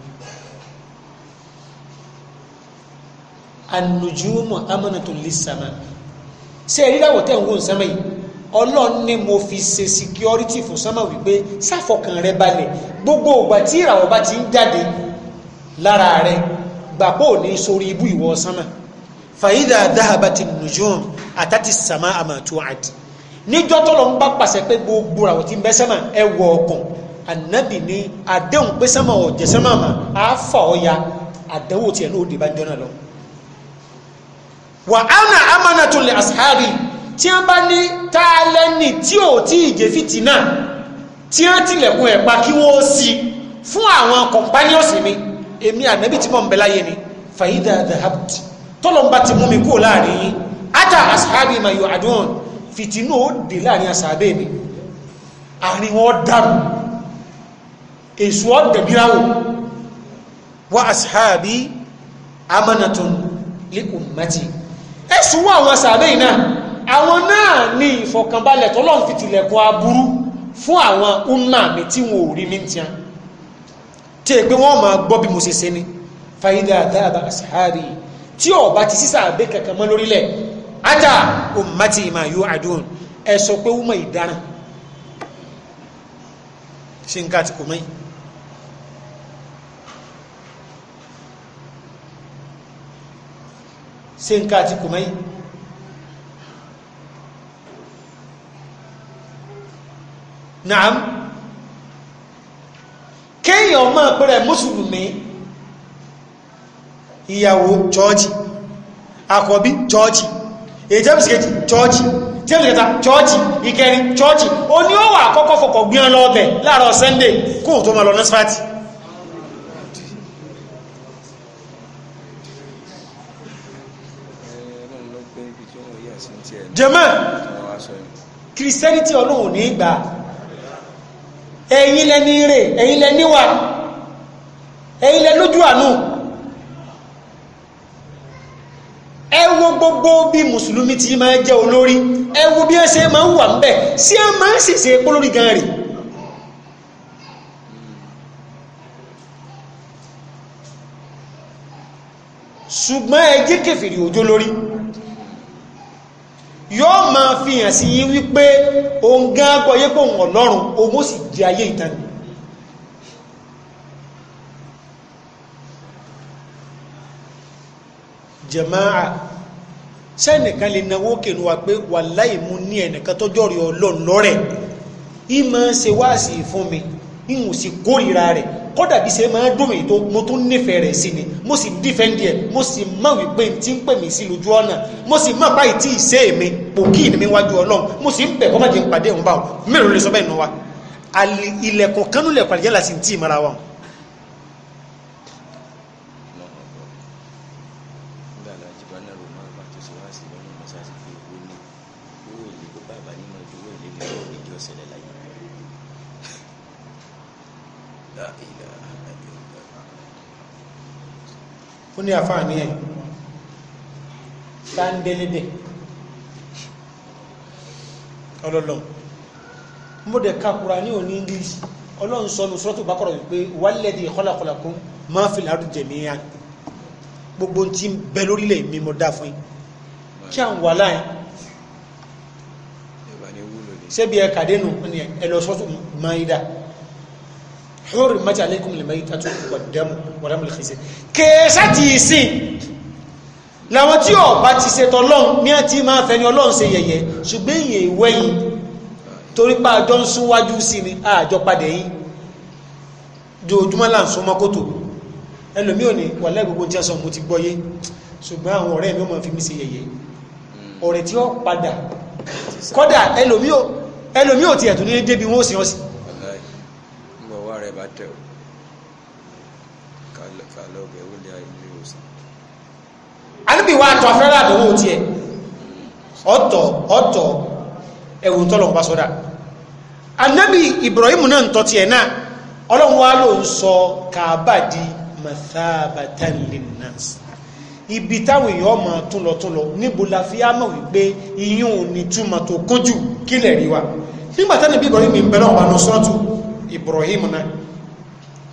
an-nujumu amanatun lis-sama ṣe ìríràwọ̀ ń wò ń yìí ọlọ́run ni mo fi ṣe security fún sánmà wípé sáfọkàn rẹ balẹ̀ gbogbo ìgbà tí ìràwọ̀ bá ti ń jáde lára rẹ gbàgbó ní sórí ibú ìwọ sánmà fàyídà dáhàbà ti nùjọ́m àtàtì sàmà àmàtú àdì níjọ́ tọ́lọ̀ ń bá pàṣẹ pé gbogbo ìràwọ̀ ti ń ẹ wọ ọkàn ànábì ní àdéhùn pé ya àdéhùn tiẹ̀ bá jọ́nà lọ. wà á nà tí wọ́n bá ní táàlẹ́nì tí ò tí ìjẹ́ fìtínà tí wọ́n tilẹ̀kùn ẹ̀pa kí wọ́n sí fún àwọn companions mi èmi ànábì tí mò ń bẹ láyé ni fàyídà dhahabt tọ́lọ́mbà ti mú mi kúrò láàrin yín ata asahabi ma yọ àdúhàn fìtínà ó dé láàrin asahabi mi àárín wọn dàrú èso ọ̀dẹ̀bíráwò wa asahabi amanatun li ummati ẹ̀sùn wọn àwọn asahabi náà àwọn náà ní ìfọ̀kànbalẹ̀ tọ́lọ́n fi tilẹ̀kùn aburú fún àwọn umma mi tí wọn ò rí mi tiẹn tí è pé wọ́n máa gbọ́ bí mo ṣe ṣe ni fàyídà dáàbà àṣàárì tí ọba ti sísà àbẹ kankan mọ́ lórílẹ̀ ata ummati ma yóò àdúhùn ẹ sọ pé umma ìdaràn ṣe ń ká àtìkò mẹ́yìn ṣe ń ká àtìkò mẹ́yìn naam kéèyàn máa pẹ̀rẹ̀ mùsùlùmí ìyàwó chọ́ọ̀chì àkọ́bí chọ́ọ̀chì èyí james kejì chọ́ọ̀chì james kẹta chọ́ọ̀chì ìkẹrin chọ́ọ̀chì o ní ó wà àkọ́kọ́ fọkọ̀ gbíọ́n lọ́ọ̀bẹ̀ láàárọ̀ sunday kó tó máa lọ nọ́sífàtì jẹ́mọ́ christianity ọlọ́run ní ìgbà ẹ̀yin lẹni rè ẹ̀yin lẹni wà ẹ̀yin lẹ lójú àánú ẹ wo gbogbo bí mùsùlùmí ti máa jẹ́ olórí ẹ wo bí ẹ ṣe máa ń wà ń bẹ̀ sí ẹ máa ń ṣèṣe polórí gan rè ṣùgbọ́n ẹ jẹ́ òjò lórí yóò máa fi hàn sí yín wípé òun gán gbọ́ yé pé òun ọlọ́run òun ó sì di ayé ìtàn ni jẹ̀máà sẹ́nìkan lè náwó kèlú wa pé wàláì mú ní ẹnìkan tọ́jọ́ rí ọlọ́run ìmọ̀ ṣe wáàsì fún mi ihun sì kórìíra rẹ̀ kódà bí ṣe máa dùn mí tó mo tún nífẹ̀ẹ́ rẹ̀ sí ni mo sì dífẹ́ǹdì ẹ̀ mo sì mọ̀ wípé n ti ń pè mí sí lójú ọ̀nà mo sì mọ̀ báyìí tí ì ṣe èmi kò kí ìní mi wájú ọlọ́run mo sì ń bẹ̀ kọ́ má jẹ́ pàdé òun báwọn mélòó lè sọ bẹ́ẹ̀ nù wa ilẹ̀kùn kánú lẹ̀kùn àlìjẹ́ làsì ń tì í mara wa. ní àfáàní ẹ̀ sáńdélédè ọlọ́lọ́ mo dẹ̀ ka Kùránì òní English ọlọ́run sọ ní sọ́tò bákọ̀rọ̀ wípé walladhi khalaqalakum ma fil ardi jami'an gbogbo tí ń bẹ lórílẹ̀ mi mo dá fún yín kí à ń wà láyìn ṣébi ẹ̀ kàdénù ẹ̀ lọ sọ́tò máa yí dáa hurrimat alaykum al-maytatu wad-damu wa lahmul khinzir kèésà tí ì sìn làwọn tí ọba ti ṣètò ọlọ́run ní àti máa fẹni ọlọ́run ṣe yẹ̀yẹ́ ṣùgbọ́n èyí ìwẹ́yìn torí pa àjọ ń súnwájú sí ni àjọ padà yìí dojúmọ́ là ń súnmọ́ kótó ẹlòmí ò ní wà lẹ́gbogbo tí a sọ mo ti gbọ́yé ṣùgbọ́n àwọn ọ̀rẹ́ mi ò máa fi mí ṣe yẹ̀yẹ́ ọ̀rẹ́ hmm. tí ó padà kọ́dà ẹlòmí ò tiẹ̀ tó ní débi wọn ó sì ọ́ sí bá tẹ̀ o kálọ̀ bẹ̀ ó lé ilé ìwòsàn. àníbi wa tọ afẹ́rẹ́ àdánwò tiẹ̀ ọ̀tọ̀ ọ̀tọ̀ ẹ̀wù tọ́lọ̀ pa sọ́dà ànábì Ibrahim náà ń tọ́ wa Kaaba di mathabatan ibi táwọn èèyàn túnlọtúnlọ níbo la fi ama iyún tó wa Ibrahim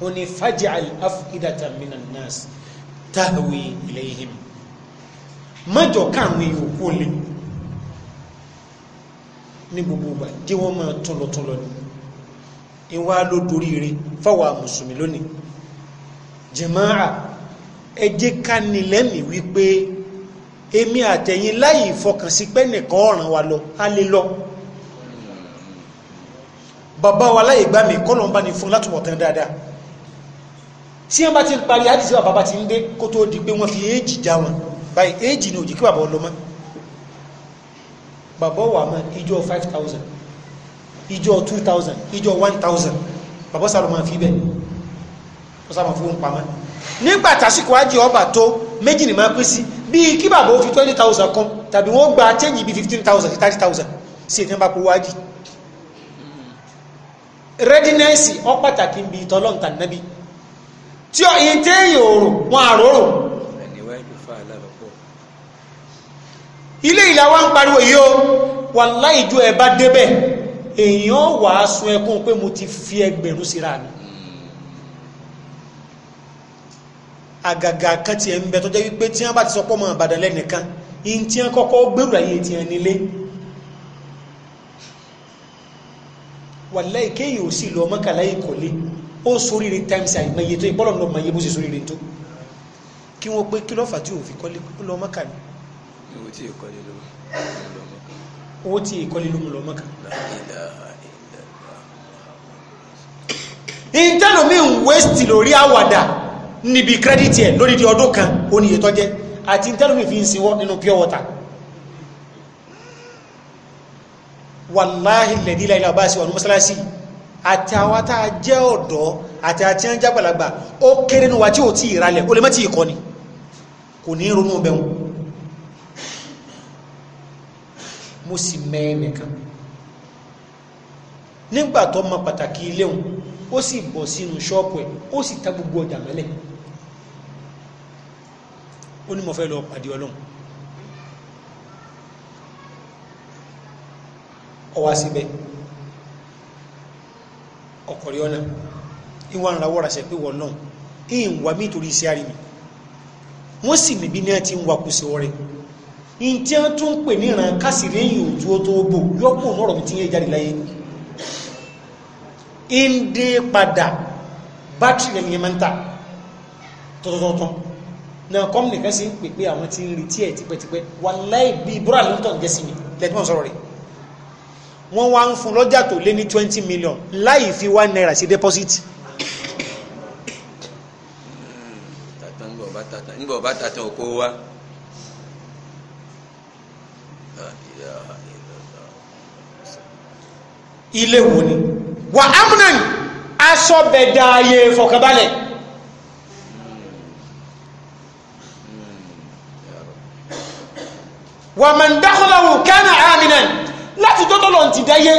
ó ní faj'al af'idatan minan nas tahwi ilayhim mọ́jọ káàmì yòókù lè ní gbogbo ìgbà tí wọ́n máa túnlọ̀túnlọ̀ ní ìwá ló dorí rẹ fáwọn mùsùlùmí lónìí jẹ̀máà ẹ jẹ́ ká nílẹ́mì wípé èmi àtẹ̀yìn láì fọkànsí pé nìkan ọ̀ràn wa lọ a lè lọ bàbá wa láì gbá mi kọ́ lọ́n bá ní fún látùbọ̀tán dáadáa tí wọn bá ti parí àdìsí bàbá bá ti ń dé kó tó di pé wọn fi éèjì já wọn báyìí éèjì ni òjì kí bàbá ọlọmọ bàbá wà mọ ìjọ five thousand ìjọ two thousand ìjọ one thousand bàbá sàrò fi bẹ ó sàrò máa fi wọn pamọ́ nígbà tásìkò àjẹ ọba tó méjì ni máa pín sí bíi kí bàbá ó fi twenty thousand kan tàbí wọn gba change bíi fifteen thousand thirty thousand sí ètò ìbá kúrò wájì readiness ọ pàtàkì ń bi ìtọ́lọ́ǹtà nábì tí ọ̀yìn téèyàn òrò wọn àrórò ilé ìlà wa ń pariwo yìí o wàláhì ìjọ ẹ bá débẹ̀ èèyàn wà á sun ẹkún pé mo ti fi ẹgbẹ̀rún síra mi àgàgà kan tiẹ̀ ń bẹ tó jẹ́ wípé tí wọ́n bá ti sọ pọ́ mọ́ Ìbàdàn lẹ́nìkan ìyìn tí wọ́n kọ́kọ́ gbèrú ayé tiẹ̀ nílé wàláhì ìkéyìí ò sì lọ mọ́kànlá ìkọ́lé ó soríire time àì mẹye tó ìbọ́lọ̀ lọ mẹye bó ṣe soríire tó kí wọ́n pé kí lọ́fà tí ò fi kọ́lé ó lọ mọ́kà ni. owó tí ìkọ́lé ló ń lọ mọ́kà. owó tí ìkọ́lé ló ń lọ mọ́kà. ìtẹ́lómi ń wẹ́sìtì lórí àwàdà níbi kírẹ́dìtì ẹ̀ lórí di ọdún kan ó ní ìyẹ́tọ́ jẹ́ àti ìtẹ́lómi fi ń sinwọ́ nínú pure water. wàláhì lẹ́dí láìláì ọba àṣìwọ̀n mọ́sálásí yìí àti àwọn tá a jẹ́ ọ̀dọ́ àti àti ẹn jágbàlagbà ó kéré ní wa tí ò tí ìralẹ̀ ó lè mọ́ tí ìkọ́ ni kò ní ronú bẹ̀rún mo sì mẹ́ ẹnìkan nígbà tó pàtàkì iléun ó sì bọ̀ sínú ṣọ́ọ̀pù ẹ̀ ó sì ta gbogbo ọjà mẹ́lẹ̀ ó ní mo fẹ́ lọ pàdé ọlọ́run ọwá síbẹ̀ ọkọ̀rí ọ̀nà ìwà ń rawọ́ raṣẹ́ pé wọ́n náà ìyìn wà mí torí iṣẹ́ àrí mi wọ́n sì mìbí náà ti ń wà kù sí ọrẹ in tí wọ́n tún ń pè níran kásì lẹ́yìn òjú ó tó bò yọ́pọ̀ mọ́rọ̀ mi ti yẹ jáde láyé ń dé padà bátìrì rẹ̀ nìyẹn máa ń tà tọ́tọ́tọ́tọ́ náà kọ́mù nìkan sí ń àwọn ti ń retí ẹ̀ tipẹ́tipẹ́ wà láì bí búrà ló jẹ́ sí mi lẹ́gbọ́n sọ̀rọ̀ rẹ̀ wọ́n wá ń fún lọ́jà tó lé ní twenty million láì fi one naira sí deposit. tata ń bọ̀ bá tata ń wa. ilé wo ni wà amúnáni aṣọ bẹ̀dà ayé fọkànbalẹ̀. wà kánà àmì náà láti tó tọ́lọ̀ ti dáyé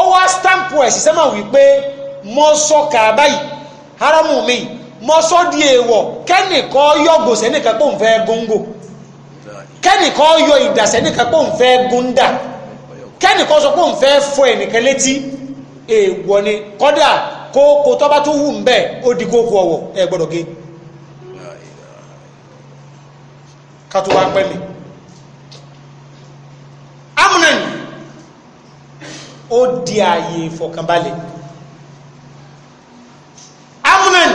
ọwọ́ stampu ẹ̀ sísẹ́mà wípé mọ́ kàbáyì haramu mi mọ́ sọ di èèwọ̀ kẹ́nìkọ́ yọ gòsẹ́ nìkan pò ń fẹ́ góńgò kẹ́nìkọ́ yọ ìdàsẹ́ nìkan pò ń fẹ́ góńdà kẹ́nìkọ́ sọ pò ń fẹ́ fọ ẹnìkan létí èèwọ̀ ni kọ́dà kókó tọ́ba tó wù ń bẹ̀ ó di kókó ọ̀wọ̀ ẹ gbọ́dọ̀ gé kátó wá pẹ́ mi. ó di ààyè ìfọ̀kànbalẹ̀ amnan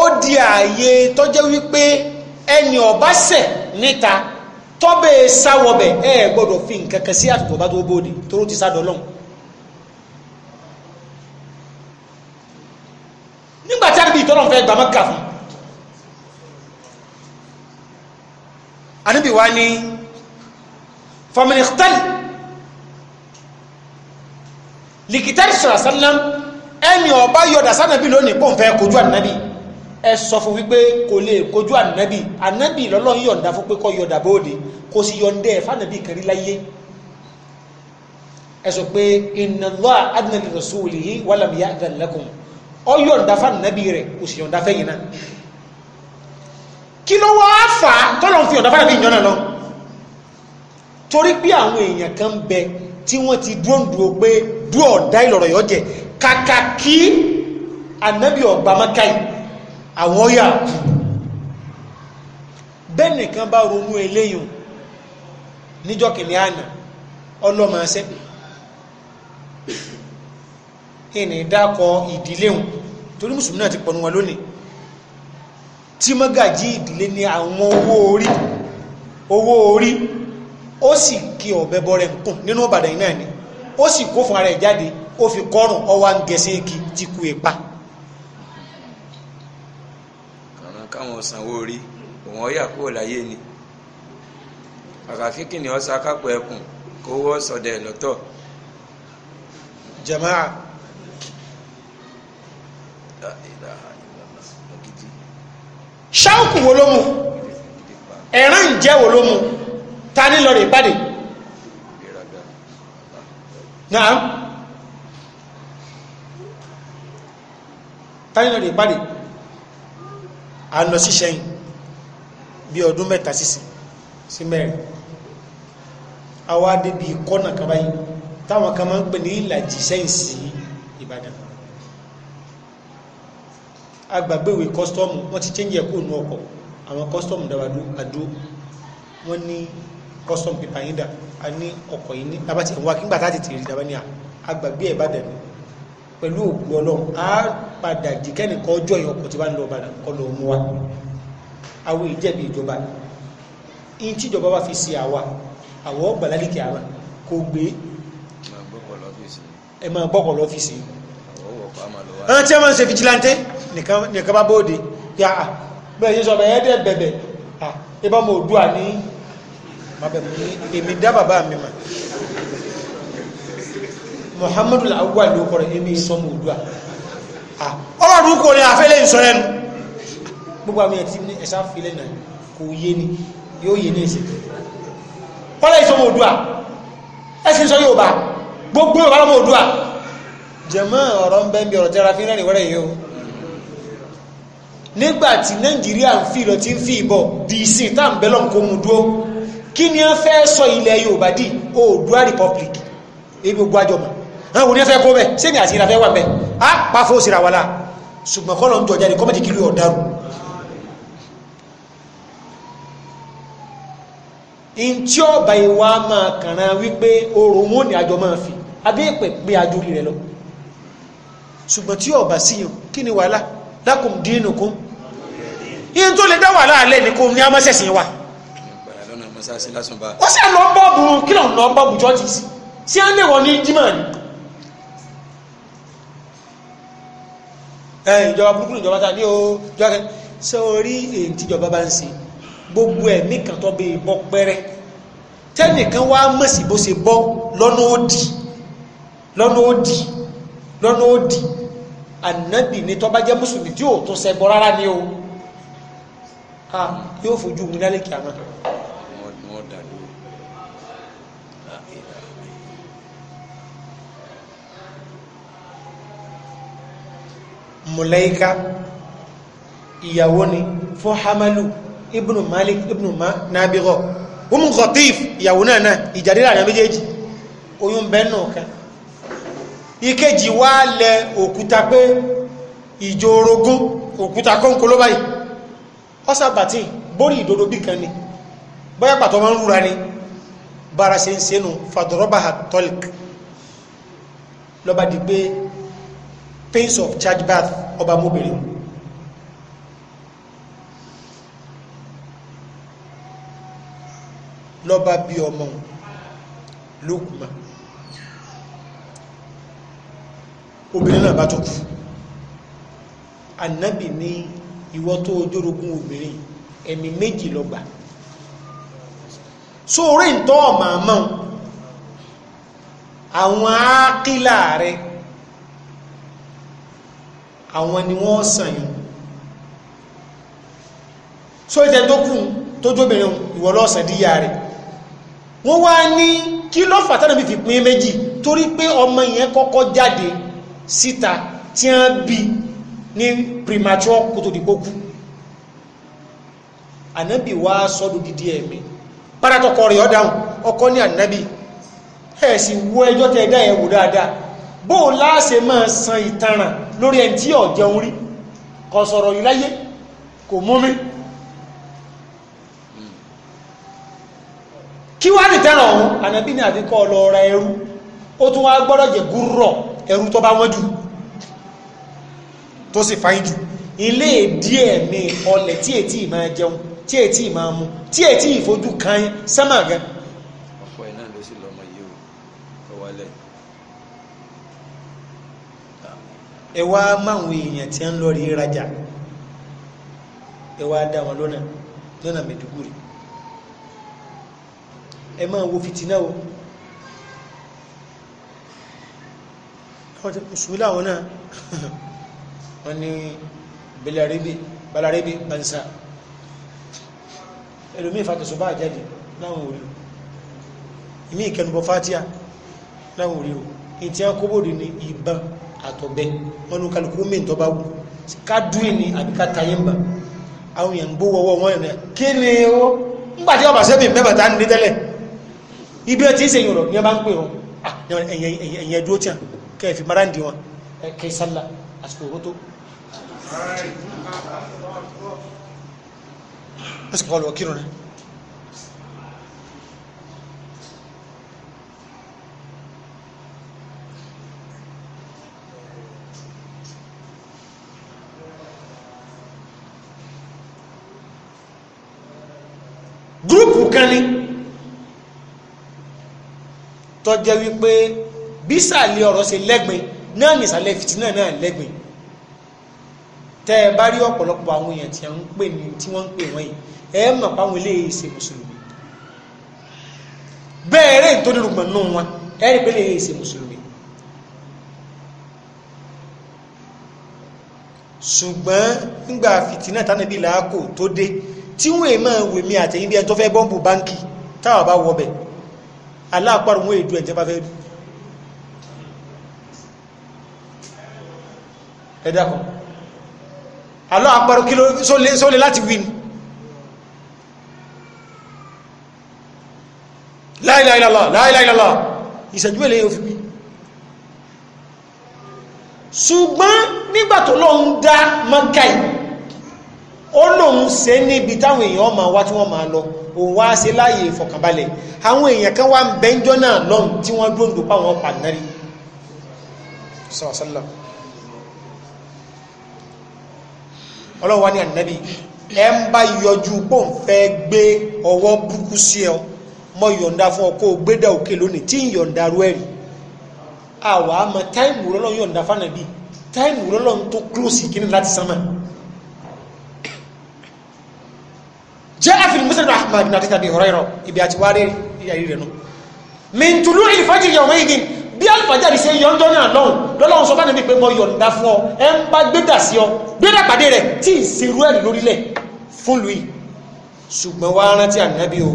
ó di ààyè tọ́jẹ́ wípé ẹni ọba ṣẹ̀ níta tọ́bẹ̀ e sáwọ̀bẹ̀ ẹ gbọ́dọ̀ fi nǹkan kan sí àtùtù bá tó bóde tó ti sádọ̀ lọ́hùn nígbàtí àbíbí ìtọ́nà fẹ́ gbàmọ́ kà fún àníbì wá fọmìnìtẹ́lì likitari sàlám ẹni ọba yọ̀dà sànàbí lónìí kò ń fẹ́ kojú ànábì ẹ sọ fún wípé kò lè kojú ànábì ànábì lọ́lọ́run yọ̀ǹda fún pé kó yọ̀dà bóde kò sì yọ̀ǹda ẹ̀ fànàbì kẹrí láyé ẹ sọ pé inna Allah adna li rasulihi wa lam ya'dhan lakum ọ yọ̀ǹda fànàbì rẹ̀ kò sì yọ̀ǹda fẹ́yìn náà kí ló wá fà á tọ́lọ́ fi yọ̀ǹda fànàbì yọ̀ǹda náà torí pé àwọn èèyàn kan bẹ́ẹ̀ tí wọ́n ti dúró ń dúró pé dúró ọ̀dá ìlọ̀rọ̀ yọ jẹ kàkà kí ànábì ọ̀gbà mákàí àwọn ọ̀yà kù bẹ́ẹ̀ nìkan bá ronú eléyìn níjọ́ kìíní àná ọlọ́mọ ẹsẹ́ ìní dákọ ìdílé wọn torí mùsùlùmí náà ti pọ̀nù wọn lónìí tí mọ́gàjí ìdílé ni àwọn owó orí owó orí ó sì kí ọ̀bẹ bọ́ nkùn nínú ọ̀bàdàn yìí ni ó sì kó fún ara ẹ̀ jáde ó fi kọ́rùn ọwá ń gẹ̀ẹ́sẹ̀ kí ti kú ipa. kàrán káwọn sanwó rí òun ọ̀yà kúrò láyé ni àkàkíkì ni ọ̀sán akápọ̀ ẹkùn kó wọ́ sọ̀dẹ̀ lọ́tọ̀. jamaa ṣáàkù wo ló mu ẹ̀rán ìjẹ́ wo ló mu ta ní lọ rè pàdé náà ta ní lọ rè pàdé a lọ sí sẹ́yìn bí ọdún mẹ́ta sísìn sí mẹ́rin àwa débi kọ́nà kan báyìí táwọn kan máa ń pè ní ìlàjì sẹ́yìn sí Ìbàdàn agbàgbéwé kọ́sítọ́ọ̀mù wọ́n ti chẹ́ńjì ẹ̀kọ́ òun ọkọ̀ àwọn kọ́sítọ́ọ̀mù dáwàdú àdó wọ́n ní custom paper yín dà a ní ọkọ̀ yín ní labati ìwà kí n gbà láti tèrè ìjàmbá ni àgbàgbé ẹ̀ bá dàní pẹ̀lú òkú ọlọ́run a padà dìkẹ́ni kọ́ ọjọ́ yẹn ọkọ̀ tí bá ń lọ bàdàn kọ́ lọ mú wa àwọn ìjẹ̀bi ìjọba in tí ìjọba wa fi ṣe àwa àwọ̀ ọgbà lálìkẹ́ àwa kò gbé ẹ máa bọ́kọ̀ lọ́fíìsì ẹ̀rọ tí a máa ń ṣe fìjìláńtẹ́ nìkan bá bóde yà á bẹ́ẹ̀ yẹn sọ mabẹ̀mú ní èmi dá bàbá mi mà Muhammadu làwùwà ló kọ̀rọ̀ èmi ìsọmọ òdua ọ̀rọ̀ kò ní àfẹ́lẹ́ ìsọ̀rẹ́ nu gbogbo àwọn ẹ̀tí ẹ̀sá filẹ̀ náà kò yé ni yóò yé ní ìsìn kọ́lẹ̀ ìsọmọ òdua ẹ̀sìn sọ yóò bá gbogbo ìwà lọ́mọ òdua jẹ̀mọ́ ọ̀rọ̀ ń bẹ́ ń bí ọ̀rọ̀ yìí o nígbà tí Nàìjíríà ń fi ìlọ tí ń fi ìbọ̀ di ìsìn kí ni a fẹ́ sọ ilẹ̀ Yorùbá di Oòduà Republic ebi gbogbo àjọmọ̀ àwọn òní fẹ́ kó bẹ̀ sí ni àṣírí afẹ́ wà bẹ̀ á pa fó síra wà láà ṣùgbọ́n kọ́ lọ ń jọjá ní kọ́mọ̀tì kìlú ọ̀darù in tí ó bá ìwà máa kànra wípé oòrùn wọn ni máa fi abẹ́ ìpè gbé ajórí rẹ lọ ṣùgbọ́n tí ó bá sí yàn kí ni ni kò ní mọ́sáàsì lásùnbà. ó sì lọ bọ́ọ̀bù kí ló ń lọ bọ́ọ̀bù jọ́ọ̀jì sí sí àndé wọ ní jimá ni. ẹ ìjọba burúkú ni ìjọba ta ní o jọ́ọ́ kẹ́ sọ orí èyí tíjọba bá ń ṣe gbogbo ẹ̀mí kan tó bẹ́ẹ̀ bọ́ pẹ́rẹ́ tẹ́nìkan wá mọ̀sí bó ṣe bọ́ lọ́nà òdì lọ́nà òdì lọ́nà òdì ànábì ni tọ́ba jẹ́ mùsùlùmí tí yóò tún ṣẹbọ rárá ni o ah, yóò fojú wunálẹ̀ kí a náà. mulaika ìyàwó ni fún hamalu ibnu malik ibnu nabigọ umu khatif ìyàwó náà náà ìjàdílà rẹ̀ méjèèjì oyún bẹ́ẹ̀ náà kan ìkejì wá lẹ òkúta pé ìjọ orogún òkúta kọ́nkó ló báyìí ọ́sàbàtí bórí ìdodo bí kan ni bóyá pàtó máa rúra ni bára ṣe ń sẹ́nu fàdọ̀rọ́bà tọ́lìk di pé pains of childbirth ọba mobìnrin lọ́ba bí ọmọ lókùnmá obìnrin náà bá tó kú ànábì ní ìwọ tó ojórogún obìnrin ẹ̀mí méjì lọ́gbà sórí ìtọ́ ọ̀màmọ́ àwọn ákílà rẹ̀ àwọn ni wọ́n sàn yìí so ìtẹ́ tó kù tó jóbìnrin ìwọ lọ́sàn díyà rẹ̀ wọ́n wá ní kí lọ́fà tánàbí fi pín méjì torí pé ọmọ yẹn kọ́kọ́ jáde síta tí a ń bí ní premature kó kú ànábì wá sọ́dún dídí ẹ̀mí páratọkọ rẹ̀ ọ̀dáhùn ọkọ ní ànábì ẹ̀ sì wọ ẹjọ́ tẹ́ dá ẹ̀wò dáadáa bó o láàṣẹ máa san ìtanràn lórí ẹni tí ó jẹun rí kò sọ̀rọ̀ yìí láyé kò mú mi kí wá ní tẹ́rọ ọ̀hún ànàbí ní àfikọ́ lọ ra ẹrú ó tún wá gbọ́dọ̀ jẹ gúrọ̀ ẹrú tó bá wọ́n jù tó sì fáyín jù ilé díẹ̀ mi ọlẹ̀ tí ètí máa jẹun tí ètí máa mu tí ètí ìfojú kan sẹ́mà gan ẹ wá máwọn èèyàn tí ń lọ rí rajà ẹ wá dá wọn lọ́nà lọ́nà Maiduguri ẹ máa wo fìtínà o àwọn tí mùsùlùmí láwọn náà wọ́n ní balaribi bansa ẹlòmí ìfàtẹ̀sọ́bá àjáde láwọn orí ìmí ìkẹnubọ fatia láwọn orí o ìtí akóbòdì ní ìbọn àtọ̀bẹ wọn ló kálukú mí tó bá wù ká dúì ni àbí ká tayé ń bà àwọn èèyàn ń bó wọwọ wọn yẹn kí ni ó nígbà tí wọn bá sẹ́mi mẹ́fà tá ní tẹ́lẹ̀ ibi ẹ ti ń sèyìn rọ ni wọn bá ń pè wọn ah, ẹ̀yìn ẹ̀dúró tí wọn kẹ́ ẹ̀ fi mara ń di wọn kẹ́ ẹ̀ sálà àsìkò òwò tó. àsìkò ọlọ́wọ́ kírun náà. tó jẹ́ wípé bísàlẹ̀ ọ̀rọ̀ ṣe lẹ́gbin náà nìsàlẹ̀ fìtínà náà lẹ́gbin tẹ́ ẹ bá rí ọ̀pọ̀lọpọ̀ àwọn èèyàn tí wọ́n ń pè ní tí wọ́n ń pè wọ́n yìí ẹ mọ̀ páwọn eléyìí ṣe mùsùlùmí bẹ́ẹ̀ rẹ̀ tó dìrùgbọ̀n nù wọn ẹ rí pé eléyìí ṣe mùsùlùmí ṣùgbọ́n nígbà fìtínà tánàbí làákò tó dé tí wọ́n èèmọ̀ wèmí àtẹ̀yìn bí ẹni tó fẹ́ bọ́ǹbù báńkì táwọn bá wọ bẹ́ẹ̀ aláàpàrọ̀ wọn èdè ẹ̀jẹ̀ bá fẹ́ rí ẹ̀dá kan aláàpàrọ̀ kí ló sólé láti win la ilaha illallah la ilaha illallah ìṣẹ́jú èlé yóò fi wí ṣùgbọ́n nígbà tó lọ ń dá òun wá sí láàyè ìfọ̀kànbalẹ̀ àwọn èèyàn kan wá ń bẹ́ńjọ́ náà lọ́hùn tí wọ́n dúró nípa àwọn pàdánárì sọ̀rọ̀sọ́lọ̀ ọlọ́wà ní ànábì ẹ ń bá yọjú pọ̀ ń fẹ́ gbé ọwọ́ burúkú sí ẹ mọ́ yọ̀ǹda fún ọ gbédà òkè lónìí tí ń yọ̀ǹda rú ẹ̀rì àwa àmọ́ táìmù lọ́lọ́ yọ̀ǹda fánàbì táìmù lọ́lọ́ tó kúrò sí kíní láti sánmà. جاء في المسند احمد بن حديث ابي هريره ابي اتواري يرينو من طلوع الفجر يومئذ bí alifajari ṣe yọjọ náà lọ́hùn lọ́lọ́hùn sọ fánà mi pé mo yọ̀ǹda fún ọ ẹ ń bá gbégbà sí ọ gbégbà pàdé rẹ tí ì serú ẹ̀rì lórílẹ̀ fún lùí ṣùgbọ́n wá rántí ànábì o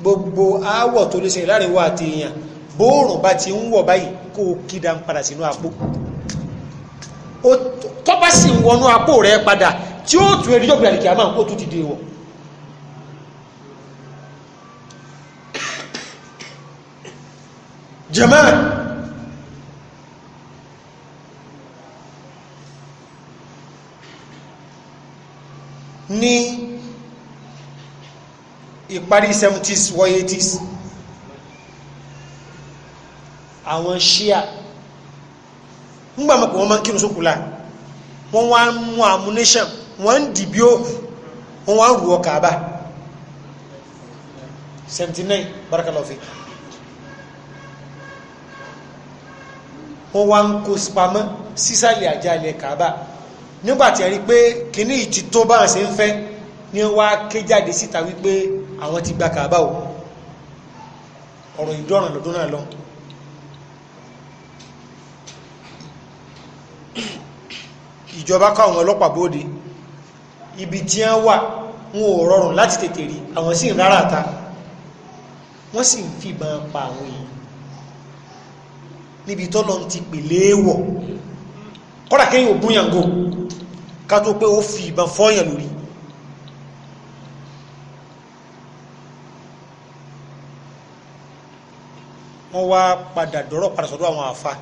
gbogbo aáwọ̀ tó lè ṣe láàrin wa àti èèyàn bóòrùn bá ti ń wọ̀ báyìí kó o kídà ń padà sínú àpò tọ́pá sì ń wọnú àpò rẹ padà tí ó tún erijọ́ gbìyànjú kìá máa ń kó tún ti dé wọ̀ jẹ́mẹ́ ní ìparí 70s 80s àwọn ṣíà ngbàmọ̀pọ̀ wọ́n máa ń kírun sókùlá wọ́n wá ń mú ammunition wọ́n ń dìbí òkú wọ́n wá rú ọkà bá 79 barakallahu wọ́n wá ń kó pamọ́ sísàlẹ̀ àjálẹ̀ kàbà nígbàtí a rí pé kíní ìtì tó bá ṣe ń fẹ́ ni wá ké jáde síta wípé àwọn ti gba kàbà o ọ̀rọ̀ ìdọ́ràn lọ́dún náà lọ ìjọba ká àwọn ọlọ́pàá bóde ibi tí wọ́n wà wọn ò rọrùn láti tètè rí àwọn sì ń rárá ta wọ́n sì ń fìbọn pa àwọn èèyàn níbi tọ́lọ ti pèlé wọ̀ kọ́dà kí yíò gún yàngó ká tó pé ó fi ìbọn fọ́yàn lórí wọ́n wá padà dọ́rọ̀ padà sọ́dọ̀ àwọn àfa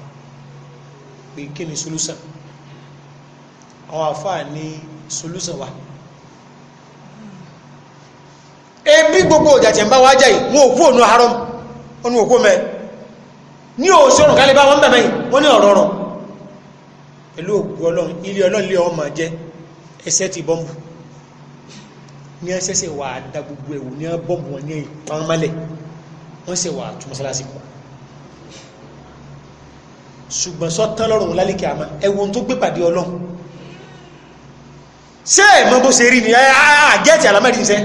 pé kí ni solúsàn àwọn àfa ní solúsàn wa ebi gbogbo ọjà tí ń bá wá jẹ́ yìí wọn ò kú ònú haram wọn ò mẹ́rin ní òṣòrùn kálẹ̀ bá wọ́n bẹ̀mẹ̀ wọ́n ní ọ̀rọ̀ ọ̀rọ̀ pẹ̀lú òkú ọlọ́run ilé ọlọ́run lé ọmọ jẹ́ ẹsẹ́ ti bọ́m̀bù ní ẹsẹ́sẹ̀ wà dá gbogbo ẹ̀wò ní bọ́m̀bù wọn ní ìpamọ́lẹ̀ wọ́n sì wà tún mọ́sálásí kọ́ ṣùgbọ́n sọ́tán lọ́rùn lálẹ́kẹ̀ àmọ́ ẹ̀wọ̀n tó gbé pàdé ọlọ́run ṣé ẹ̀mọ́ bó ṣe rí ni àgẹ́ẹ̀tì àlámẹ́rin ṣẹ́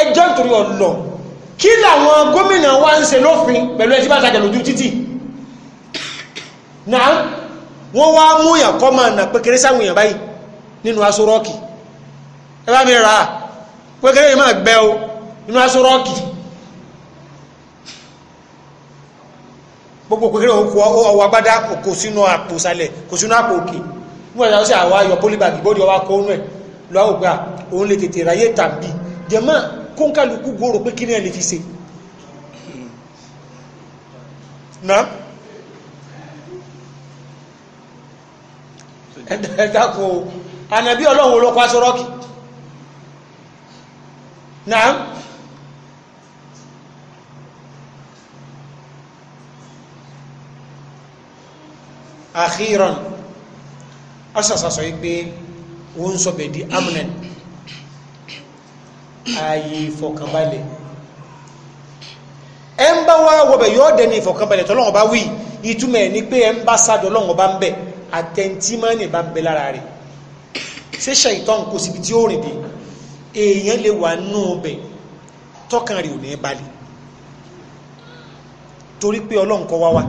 ẹjọ́ nítorí ọlọ́run kí làwọn gómìnà wa ń se lófin pẹ̀lú ẹtí bá tajà lójú títì Na wọ́n wá mú yàn kọ́ máa nà pékeré sáwọn èèyàn báyìí nínú aṣọ rọ́ọ̀kì ẹ bá mi rà á pékeré yìí máa gbẹ o nínú aṣọ rọ́ọ̀kì gbogbo pékeré ọwọ́ agbádá kò sínú àpò sálẹ̀ kò sínú àpò òkè wọ́n sì kó ń kálukú gbòòrò pé kí ni ẹ lè fi ṣe náà ẹ̀dàkò ànàbí ọlọ́run olókọ́ asọ́rọ́kì náà àkíran ọ́sàsàsọ̀ yí pé wọ́n sọ bẹ̀ di amnen ààyè ìfọ̀kànbalẹ̀ ẹ ń bá wá wọbẹ̀ yóò dẹni ìfọ̀kànbalẹ̀ tọ́lọ́wọ́n bá wí ìtumẹ̀ ni pé ẹ ń bá sádọ̀ lọ́wọ́n bá ń bẹ̀ àtẹ̀ntímọ́nì bá ń bẹ lára rẹ̀ ṣé ṣàìtàn kò síbi tí ó rìn dé èèyàn lè wà nù bẹ̀ tọ́kàn rẹ̀ ò ní balẹ̀ torí pé ọlọ́run kọ́ wá wá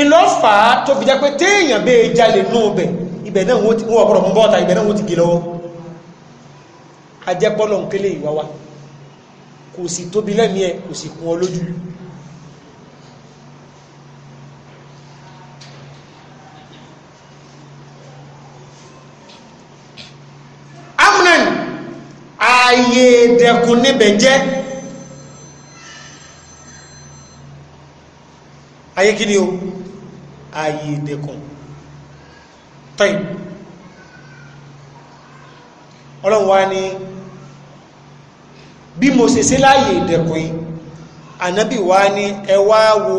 ìlọ́fà tó fi jẹ́ pé téèyàn bẹ́ẹ̀ jalè nù bẹ̀ ibẹ̀ náà wọ́n ọ̀pọ̀lọ̀ mú bọ́ta ibẹ̀ náà wọ́n ti gé lọ́wọ́ ajẹ́pọ́lọ̀ ń kélé ìwà wa kò sì tóbi lẹ́mí ẹ kò sì kún ọ lójú ààyè dẹ̀kùn níbẹ̀ jẹ́ ayé kí ni o ààyè dẹ̀kùn tọ́yì ọlọ́run wá ní bí mo ṣe ṣe láàyè ìdẹ̀kùn yìí ànábì wá ní ẹ wá wo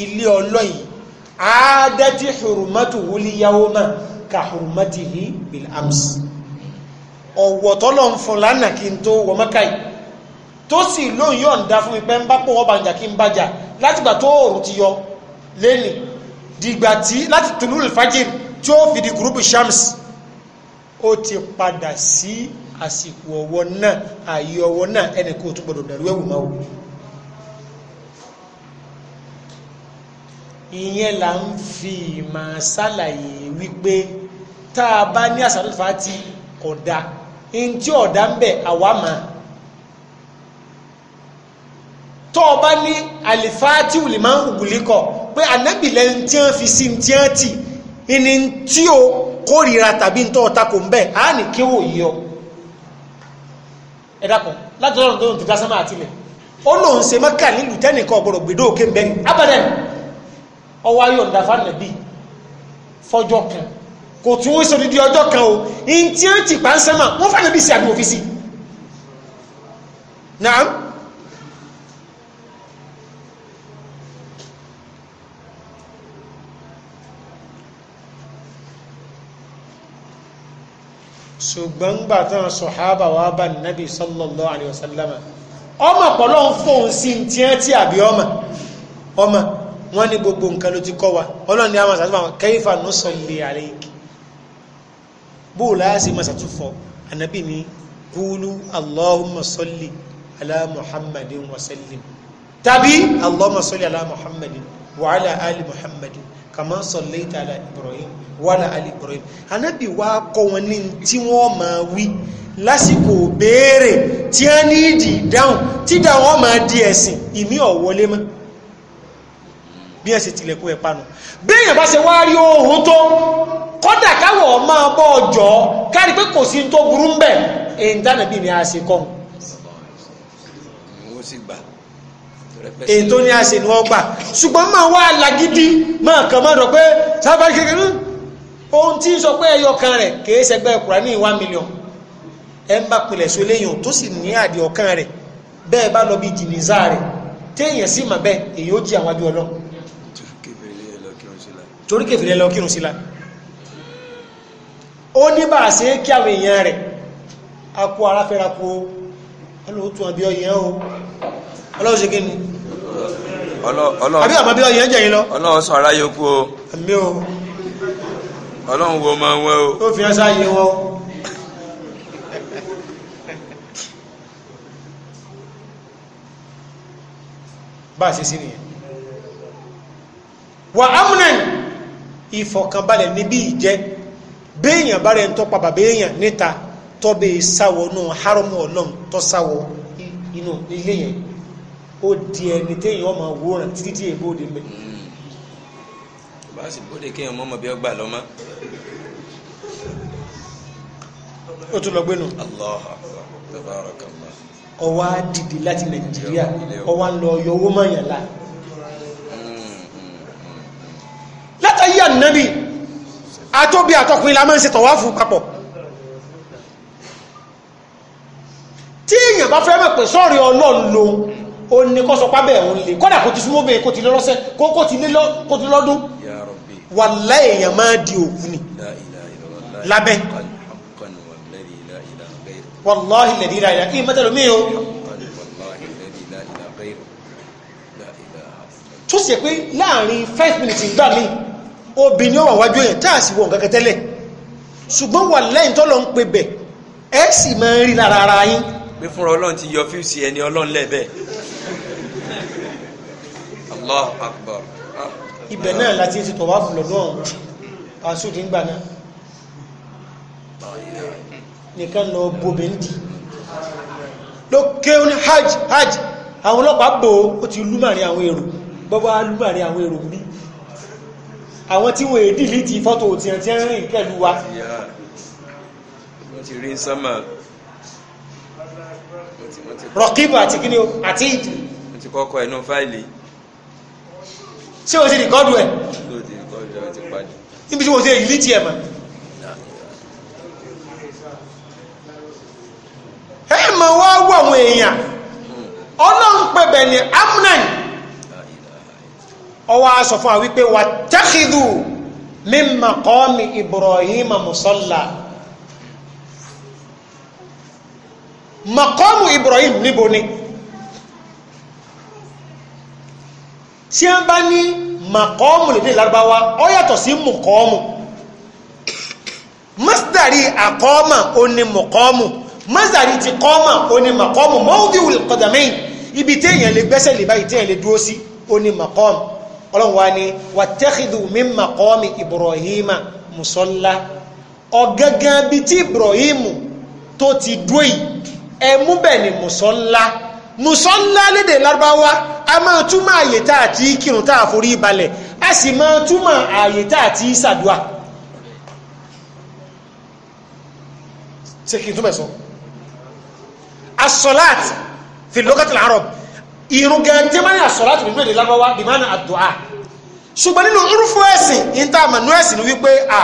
ilé ọlọ́yìn àádẹ́tì hùrùmọ́tò wúlí yàwó náà ka hùrùmọ́tì yìí bil ams ọ̀wọ̀ tọ́lọ̀ ń fún lánàá kí n tó wọ mọ́kà tó sì lóun yóò ń da fún mi ń bá pọ̀ wọ́n bàjá kí n bàjá látìgbà tó òòrùn ti yọ lẹ́nìí dìgbà tí láti tùlù ìfájìrì tí ó fi di gúrúpù shams ó ti padà sí àsìkò ọwọ́ náà ààyè ọwọ́ náà ẹnì kó tún gbọdọ̀ dẹ̀rú ẹ̀wù máa wò ìyẹn là ń fi máa ṣàlàyé wípé tá a bá ní àsàlù fàtí ọ̀dà ntí ọ̀dà ń bẹ̀ àwa máa tó o bá ní àlìfáàtì wùlì máa ń wùgùlì kọ pé ànábìlẹ̀ ntí wọ́n fi sí ntí wọ́n tì ìní tí o kórìíra tàbí ń tọ́ ọ̀ta kò ń bẹ̀ á ní kí wò yí ọ ẹ dákun láti ọ̀rọ̀ tó ń dìdá sánmà àtìlẹ̀ ó lóun ṣe mọ́kà nílùú tẹ́nìkan ọ̀gbọ̀rọ̀ gbèdó òkè ń bẹ́ abẹ́rẹ́ ọwọ́ ayọ̀ ń dàfà nàbí fọjọ́ kan kò tún wọ́n sọdí di ọjọ́ kan o ní tí ó ti pa ń sánmà wọ́n fà nàbí sí àbí òfìsì náà ṣùgbọ́n gbà tán sọ̀hábà wà bá nàbì sallallahu alaihi wasallam ọmọ pọ̀lọ́ ń fóun sí ti ẹ́ tí àbí ọmọ ọmọ wọn ní gbogbo nǹkan ló ti kọ́ wa ọlọ́run ní àwọn àṣàtúnfà wọn kayfa nusalli alayki bóòlù àṣì máa ṣàtúnfọ ànábì ní qulu allahumma salli ala muhammadin wa sallim muhammadin kama sallaita ala ibrahim wala ali ibrahim anábì wá kọ́ wọn ní tí wọ́n máa wí lásìkò béèrè tí a ní ìdí ìdáhùn tí dáhùn máa di ẹ̀sìn ìmí ọ̀wọ́lé mọ́ bí ẹ̀sìn tilẹ̀kùn ẹ̀ panu béèyàn bá ṣe wá rí ohun tó kọ́dà káwọ̀ máa bọ́ ọjọ́ kárí pé kò sí tó burú ń bẹ̀ èyí dánàbí ni a ṣe kọ́hùn ètò ní a sì ní ọgbà ṣùgbọ́n máa wá alágídí máa kàn máa dọ̀ pé sábàá kékeré ohun tí ń sọ pé ẹyọ kan rẹ̀ kìí ṣẹgbẹ́ Kùránì one million ẹ ń bá pilẹ̀ so léyìn tó sì ní àdì ọ̀kan rẹ̀ bẹ́ẹ̀ bá lọ bí jìnnìza rẹ̀ téèyàn sì mà bẹ́ẹ̀ èyí ó jí àwọn adé ọlọ́ torí kèfèrè lọ kírun sí la ó ní bá a ṣe é kí àwọn èèyàn rẹ̀ akú aráfẹ́ra kú ó ọlọ́run tún àbí ọyẹ́ o ọlọ́run ṣe kí ni àbí àmọ́ bí ọyàn jẹ̀yìn lọ. ọlọ́run sọ aráyé kú o. àmì o. ọlọ́run wo ọmọ wọn o. ó fi ẹsẹ̀ ayé wọn. bá a ṣe sí nìyẹn. wà á múnẹ̀ ìfọ̀kànbalẹ̀ níbí ìjẹ́ béèyàn bá rẹ̀ ń tọ́pa bàbá èèyàn níta tọ́bẹ̀ sáwọ́ náà hárọ́mù ọlọ́run tọ́sáwọ́ inú ilé yẹn ó di ẹni téèyàn ọmọ wòran títí tí èèbó de mbẹ. bá a sì bóde kéèyàn mọ́ ọmọ bí ọgbà lọ́mọ. ó tún lọ gbénu. Allahu Akbar ọwọ́ á dìde láti nàìjíríà ọwọ́ á lọ yọ owó mọ̀yàn la. Mm, mm, mm, látàyé ànábì àtòbí àtọkùnrin la máa ń ṣe tọ̀wáfù papọ̀. tí èèyàn bá fẹ́ mọ̀ pé sọ́ọ̀rì ọlọ́run lòun ó ní kọ́ sọ pábẹ́ òun lè kọ́dà kò ti súnmọ́ bẹ́ẹ̀ kò ti lọ́lọ́sẹ́ kò ti lé kò ti lọ́dún wà láyèyàn máa di òkú ni lábẹ́ wàláhì lẹ̀dí ìlà ìlà kí mẹ́tẹ̀lú mí o tó sì pé láàrin five minutes ìgbà mi obìnrin ó wà wájú èèyàn tá à sì wọ nǹkan kẹtẹ́lẹ̀ ṣùgbọ́n wà lẹ́yìn tó lọ ń pe bẹ̀ ẹ sì máa ń rí lára ara yín. pé fúnra ọlọ́run ti yọ fíìsì ẹni ọlọ́run lẹ́ẹ̀bẹ́ẹ̀. Allahu Akbar. Ah. ibẹ̀ náà láti ṣe tọ̀wá fún lọ́dún ọ̀hún àṣùdì ń gbà náà nìkan lọ bóbe ń di ló ké ó ní hajj hajj àwọn ọlọ́pàá bò ó ti lúmàrin àwọn èrò bọ́bá lúmàrin àwọn èrò rí àwọn tí wọ́n èdè lítì fọ́tò tí ẹ̀ tí ẹ̀ rìn pẹ̀lú wa wọ́n ti rí sánmà rọ̀kíbù àti kíni àti ìdù ṣé o ti rìkọ́dù ẹ̀ níbi tí mo ti èyí lítì ẹ̀ mọ̀ ẹ mọ̀ wá wọ àwọn èèyàn ọlọ́run pẹ̀bẹ̀ ní amúnáì ọwọ́ aṣọ fún wa wípé wà tẹ́kìdù mímọ̀ kọ́ Ibrahim musalla maqamu Ibrahim níbo ni. Ibrahim, tí a bá ní màkọ́ọ̀mù lédè lárúbáwá ọ yàtọ̀ sí mùkọ́ọ̀mù masdari àkọ́ọ̀mà ó ní mùkọ́ọ̀mù masdari ti kọ́ọ̀mà ó ní màkọ́ọ̀mù mọ́wúdí wùlẹ̀ kọ́dàmẹ́yìn ibi téèyàn lè gbẹ́sẹ̀ lè báyìí téèyàn lè dúró sí ó ní màkọ́ọ̀mù ọlọ́run wa ni wàtẹ́kìdù mi màkọ́ọ̀mì ibrahima musọ́lá ọ̀gángan bíi ti ibrahim tó ti dúró yìí ẹ̀mú bẹ́ẹ̀ ni musọ́lá mùsọ́lá lédè lárúbáwá a máa túmọ̀ àyè tá àti kírun tá àforí balẹ̀ a sì máa túmọ̀ àyè tá àti sàdúà ṣé kí n túmọ̀ sọ asọ́láàt fi lọ́gàtì làárọ̀ ìrun gan tí wọ́n ní asọ́láàt nínú èdè lárúbáwá bí máa ń àdúà ṣùgbọ́n nínú orúfọ ẹ̀sìn ìta àmànú ẹ̀sìn wípé à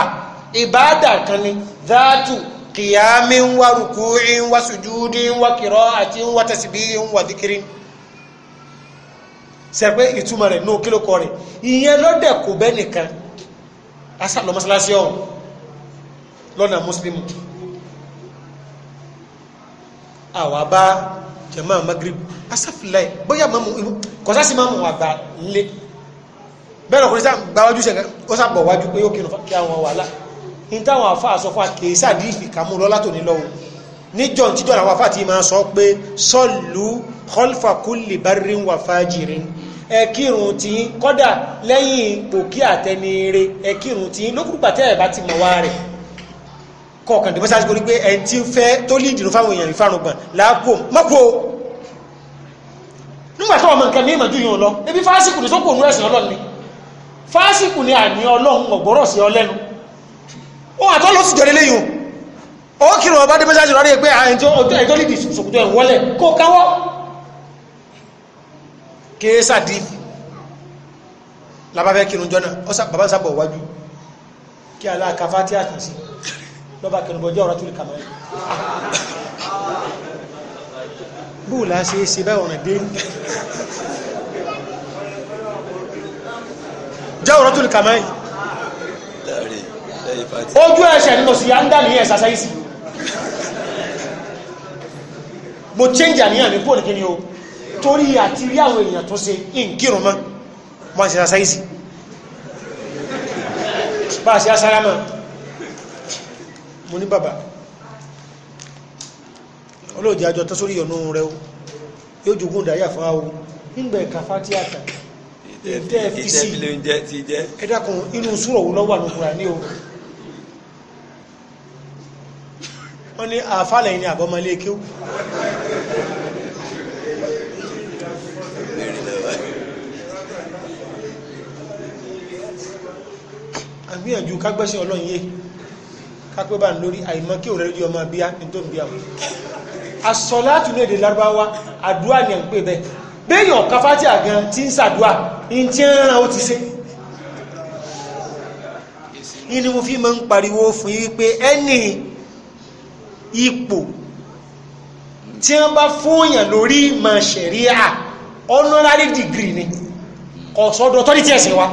ìbáàdà kan ni dáàtù qiyamin wa ruku'in wa sujudin wa qira'atin wa tasbihin wa dhikrin ṣé pé ìtumọ̀ rẹ̀ no kilo kore ìyẹn ló dé kò bẹ́ nìkan asa lọ mọ́sálásí o lọ́nà muslim àwa bá jama magrib asafilai bóyá mamu kò sá sí mamu wà gbà nlé bẹ́ẹ̀ lọ́kùnrin sá gbà wájú sẹ́ka ó sá bọ̀ wájú pé ó ní táwọn àfa àsọfà kèésà díìfì kàmú lọ́lá tòní john níjọ́ tíjọ́ àwọn àfa ti máa sọ pé sọ́ọ̀lù khalfa kulli barrin wa fajirin ẹ kírun tí kọ́dà lẹ́yìn pòkí àtẹnire ẹ kírun tí lókùrùpà tẹ́ ẹ̀ bá ti mọ̀ wá rẹ̀ kọ̀ọ̀kan dìbò sáà ti kórí pé ẹ ti ń fẹ́ ebi fásitì kù ní sókò òun ẹ̀sìn ni fásitì kù ní àní ọlọ́run ọ̀gbọ́rọ̀ sí ọlẹ́nu ó àtọ́ ló sì jọ lélẹ́ yìí ó kírun ọba dé mẹ́sàájì rọrí pé àyìn ah, tó lìdì sòkòtò ẹ̀ wọlé kó káwọ́ kéésà dì labafẹ́ kírun jọ náà bàbá sábọ̀ wájú kí aláàkà fati àtàn sí lọ́ba kẹrùnbọ̀jẹ́ ọ̀rọ̀ tó lè kàmọ́ ẹ̀ bóòlá ṣe é ṣe bẹ́ ọ̀rìn dé jẹ́ ọ̀rọ̀ tó lè kàmọ́ ẹ̀ ojú ẹsẹ̀ nínú sí yáńdà ní ẹ̀sàsáìsì mo change àníyàn ní kúrò ní kíni o torí àti rí àwọn èèyàn tó ṣe ìǹkírùn mọ́ wọ́n sì ẹ̀sàsáìsì bá a ṣe asára mọ́ mo ní bàbá olóòdì àjọ tó sórí ìyọ̀nù rẹ o yóò jogún ìdáyà fún àwọn nígbà ẹ̀ka fátíàtà ẹ̀dẹ́ fi sí ẹ̀dàkùn inú súrọ̀ wo lọ́wọ́ àlùkùrà ní o wọ́n ní ah, àfàlẹ̀ yìí ni àbọ̀mọlé kéwù àgbìyànjú kágbẹ́sẹ̀ ọlọ́run yé kápẹ́ bá ń lórí àìmọ́ kí ò rẹ̀ lójú ọmọ bíá ní tó ń bíá wọn asọ́látù ní èdè lárúbáwá àdúrà ní ẹ̀ǹpẹ́ bẹ́ẹ̀ béèyàn káfátì àgán tí ń sàdúà ní tí ń rán ó ti ṣe ní ni mo ń pariwo fún yí pé ẹnì ipò tí wọ́n bá fóòyàn lórí ìmọ̀ ṣẹ̀ríà honorary degree ni kò sọ́dọ̀ authority ẹ̀sìn wa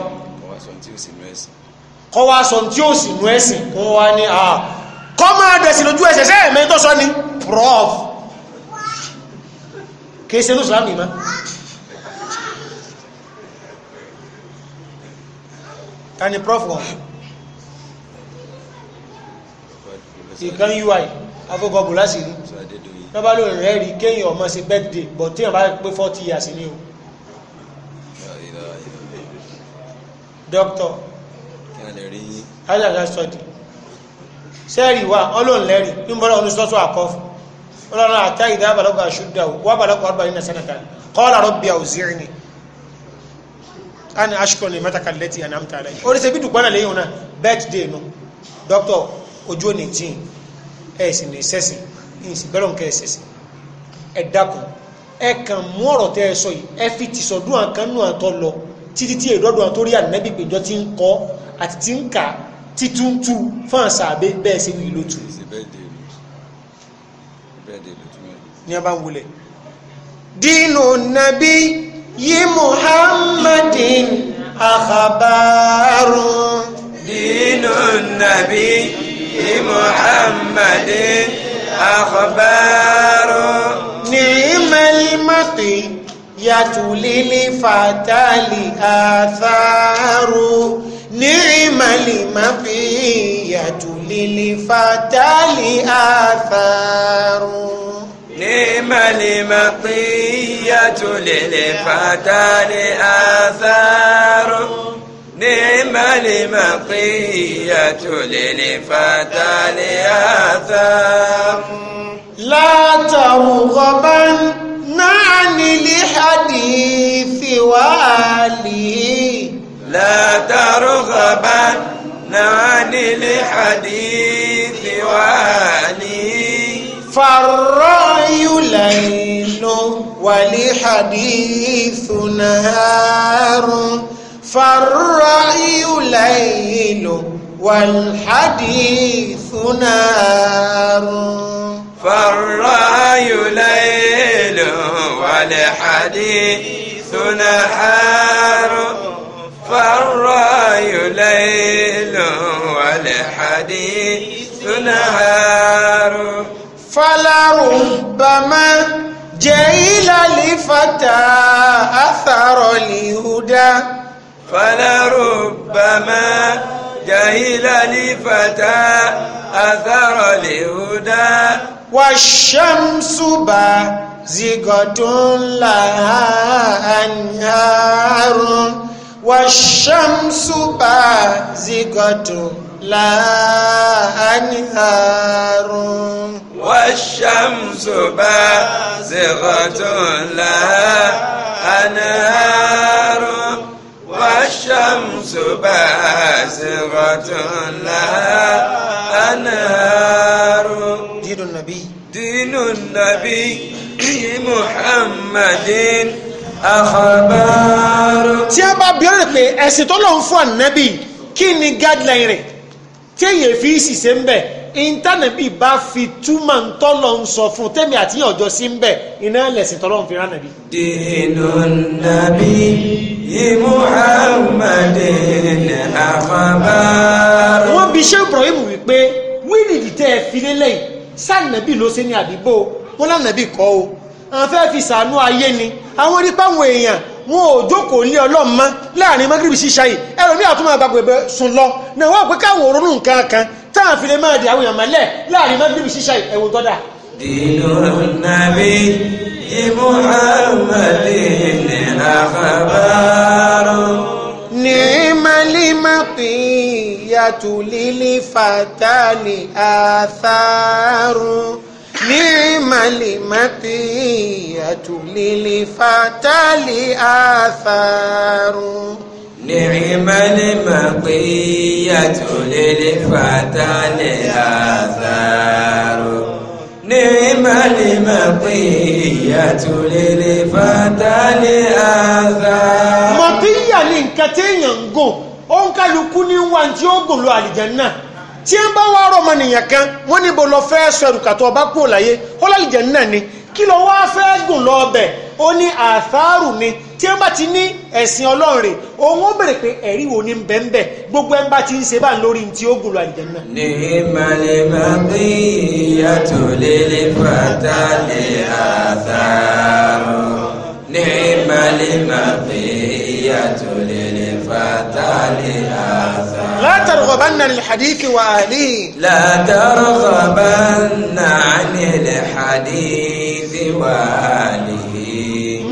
kọ́ wá sọ tí ó sì nú ẹ̀sìn wọ́n wá ní à kọ́ máa dẹ̀sìn lójú ẹ̀sẹ̀ sẹ́ẹ̀ mẹ́tọ́ sọ ni prof kìí ṣe lóṣùlámù ìmọ̀ ta ni prof wọn ìkan ui afọgọbù lásìrí lọ́ba ló rẹ̀ rí kéèyàn ọmọ ṣe birthday but téèyàn bá pé forty years ni o. doctor ajaja sọdí sẹ́ẹ̀rì wa ọlọ́run lẹ́rì ní bọ́lá ọdún sọ́tún àkọ́fù ọlọ́run àtá ìdá àbàlọ́gbà ṣúdà wà bàlọ́gbà ọdún àdínà sẹ́nàtà qala rabbi awzi'ni ana ashkura ni'mataka allati an'amta alayya oríṣẹ́ bí dùgbọ́nà lẹ́yìn náà birthday nù dókítà ojú ò ní tíì ẹ̀sìn ní sẹ́sìn ìsìn bẹ́ẹ̀ lọ́nkẹ́ ẹ̀sẹ̀sìn ẹ dákun ẹ kàn mú ọ̀rọ̀ tẹ́ ẹ sọ yìí ẹ fi tìsọ̀dún àkànnù àtọ lọ títí tí èdọ́dún àtórí ànábì péjọ ti ń kọ́ àti ti ń kà títúntú fún àṣà àbẹ bẹ́ẹ̀ sí wí lótú. ní a bá ń wulẹ̀. dínú nàbí yí muhammadin àkàbàrún. dínú nàbí. بمحمد أخبار نعم المقي يتولي لفتى لآثار نعم المقي يتولي لفتى لآثار نعم المطية للفتى لآثار نعم لمقية للفتى لآثام لا ترغبن عن الحديث والي لا ترغبن عن الحديث والي فالرأي ليل ولحديث نهار فالرأي ليل والحديث نار فالرأي ليل والحديث نار فالرأي ليل والحديث نهار فلربما جيل لفتى أثر لهدى فلربما جهل لفتى أثر الهدى والشمس بازغة لها أنهار والشمس بازغة لها أنهار والشمس بازغة لها أنهار والشمس باسغة لها أنهار دين النبي دين النبي محمد أخبار tí a bá bi ọ́ lè pé ẹ̀sìn tó lọ́n fún ni guideline rẹ̀ kéèyàn fi ṣìṣe ń bẹ̀ intanẹ̀bì bá fi túmọ̀ ń tọ́lọ̀ ń sọ fún tẹ́mi àti ọjọ́ sí ń bẹ̀ iná lẹ̀sìn tọ́lọ̀ ń fi rán nàbí. dèlò nàbí muhammadin àfàbàrò. wọ́n bi Sheikh Ibrahim wípé wíìlì tẹ́ ẹ fi lélẹ̀ yìí sànàbì ló ṣe ní àdìbò wọn lànàbì kọ́ o àwọn fẹ́ẹ́ fi sànú ayé ni àwọn rí èèyàn wọn ò jókòó lé ọlọ́run mọ́ láàrin mọ́gírìbì ṣíṣá yìí ẹ̀rọ ní àtúmọ̀ àgbàgbé sùn lọ náà wọ́n pé káwọn òrónú nǹkan kan táà fi lè máa di àwọn èèyàn láàrin mọ́gírìbì ṣíṣá yìí ẹ̀wọ̀n tọ́da. dìlù nàbí imuhamadi ní àkàbàrò. ní malimati yàtúlílì fatani àtàrùn. نعم المطية للفتى آثار نعم المطية للفتى آثار نعم المطية للفتى آثار مطية لنكتين ينقو onkaluku ni wa ti o gòlò tí ń bá wàá rọmọ nìyàn kan wọ́n níbo lọ fẹ́ sọ ẹrùkàtọ̀ ọba kúrò láyé ó náà ni kí lọ wá fẹ́ gùn lọ ọbẹ̀ ó ní àṣàrù ni tí ń bá ti ní ẹ̀sìn ọlọ́run rè òun ó bèrè pé ẹ̀rí wo ni bẹ́ńbẹ́ gbogbo ẹ̀ ń bá ti ń ṣe bá lórí tí ó gùn lọ àlìjẹ́ náà. ní màlẹ́mà bí ìyàtọ̀ lélẹ̀ fàtà lè àṣàrù ní màlẹ́mà bí ìyàtọ̀ lélẹ̀. لا ترغبن عن الحديث وأهله لا ترغبن عن الحديث وأهله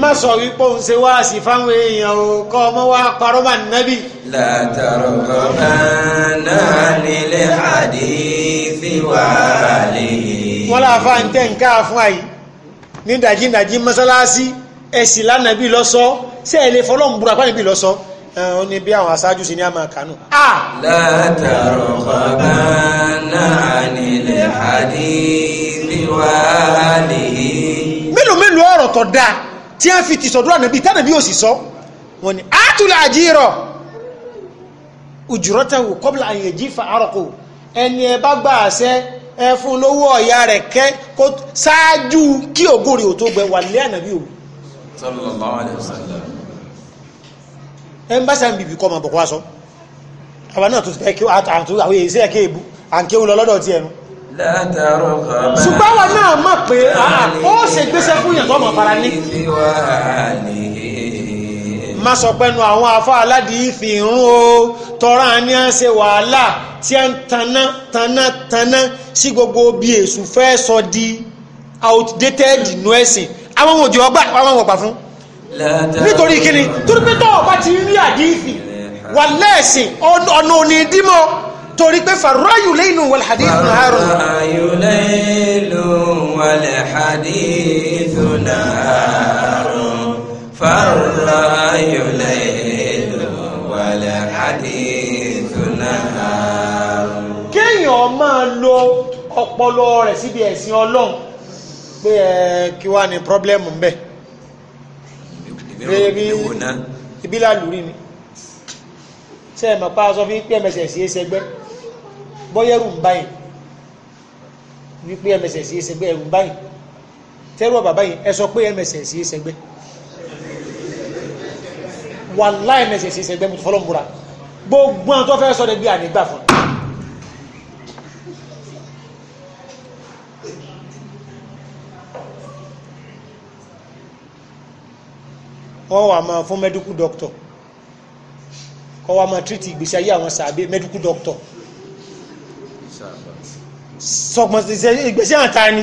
má sọ wípé òun ṣe wá sí fáwọn èèyàn o kọ́ ọmọ wa parọ́ bá nábì. la targhabanna 'anil hadithi wa alihi. wọ́n láfa ń tẹ̀ ń ká fún àyè ní dàjíndájí mọ́sálásí ẹ̀sìn lánàbí lọ́sọ́ ṣé ẹ lè fọlọ́run búra pàdébí lọ́sọ́ ó ní bí àwọn aṣáájú sí ní àmà kánú. látàrọ bàbá náà nílẹ̀ àdínní wà nìyí. mélòó mélòó ọ̀rọ̀ tó dáa tí a fi tìsọ̀dúrà nàbí tánàbí ò sì sọ wọn ni àtúlẹ̀ àjírọ̀ ujurọ́tàwò kọ́bílà àyèjì fa àrọ̀kọ̀ ẹni ẹ bá gbà àṣẹ ẹ fún lówó ọ̀yà rẹ̀ kẹ́ kó ṣáájú kí ògùn rẹ̀ ò tó gbẹ wà lé ànàbí òwú. sallallahu alaihi wasallam ẹmbásá ń bìbì kọ́ ma bọ̀kọ́ aṣọ àwọn náà tó fẹ́ kí àwọn èyí sí ẹ̀kẹ́ ìbú à ń kéwù lọ lọ́dọ̀ ti ẹnu. ṣùgbọ́n wa náà mọ̀ pé ó ṣe gbéṣẹ́ fún yàtọ̀ ọmọ fara ní. má sọ pẹ́nu àwọn afọ aládìí fi ń o tọ́ra ni à ṣe wàhálà tí à ń taná taná taná sí gbogbo bí èṣù fẹ́ sọ di outdated nù ẹ̀sìn àwọn òjò ọgbà àwọn ọgbà fún nítorí kíni torí pé tọ́ọ̀ bá ti rí àdífì wà lẹ́ẹ̀sìn ọ̀nà òní dímọ̀ torí pé fàráyù lẹ́yìnú wal hadithu naharun. fàráyù lẹ́yìnú wal hadithu naharun fàráyù lẹ́yìnú wal hadithu naharun. kéèyàn máa lo ọpọlọ rẹ̀ síbi ẹ̀sìn ọlọ́run pé ẹ kí wàá ní pírọ́blẹ́mù ń rẹ̀rí ìbílà lórí ni ṣe ẹ̀mọ̀ pa aṣọ fi ń pé ẹ̀mẹ̀sẹ̀ sí ẹsẹ̀gbẹ́ bọ́yẹ̀rù ń báyìí ní pé ẹ̀mẹ̀sẹ̀ sí ẹsẹ̀gbẹ́ ẹ̀rù ń báyìí tẹ́rù ọ̀bà báyìí ẹ sọ pé ẹ̀mẹ̀sẹ̀ sí ẹsẹ̀gbẹ́ wàláì ẹ̀mẹ̀sẹ̀ sí ẹsẹ̀gbẹ́ mo ti fọlọ́ mbura gbogbo àwọn tó fẹ́ sọ bí ànígbà fún wọ́n wà máa fún medical doctor kọ́ wà máa treat ìgbésí ayé àwọn sàbẹ̀ medical doctor sọgbọ́n ìgbésí àwọn ta ni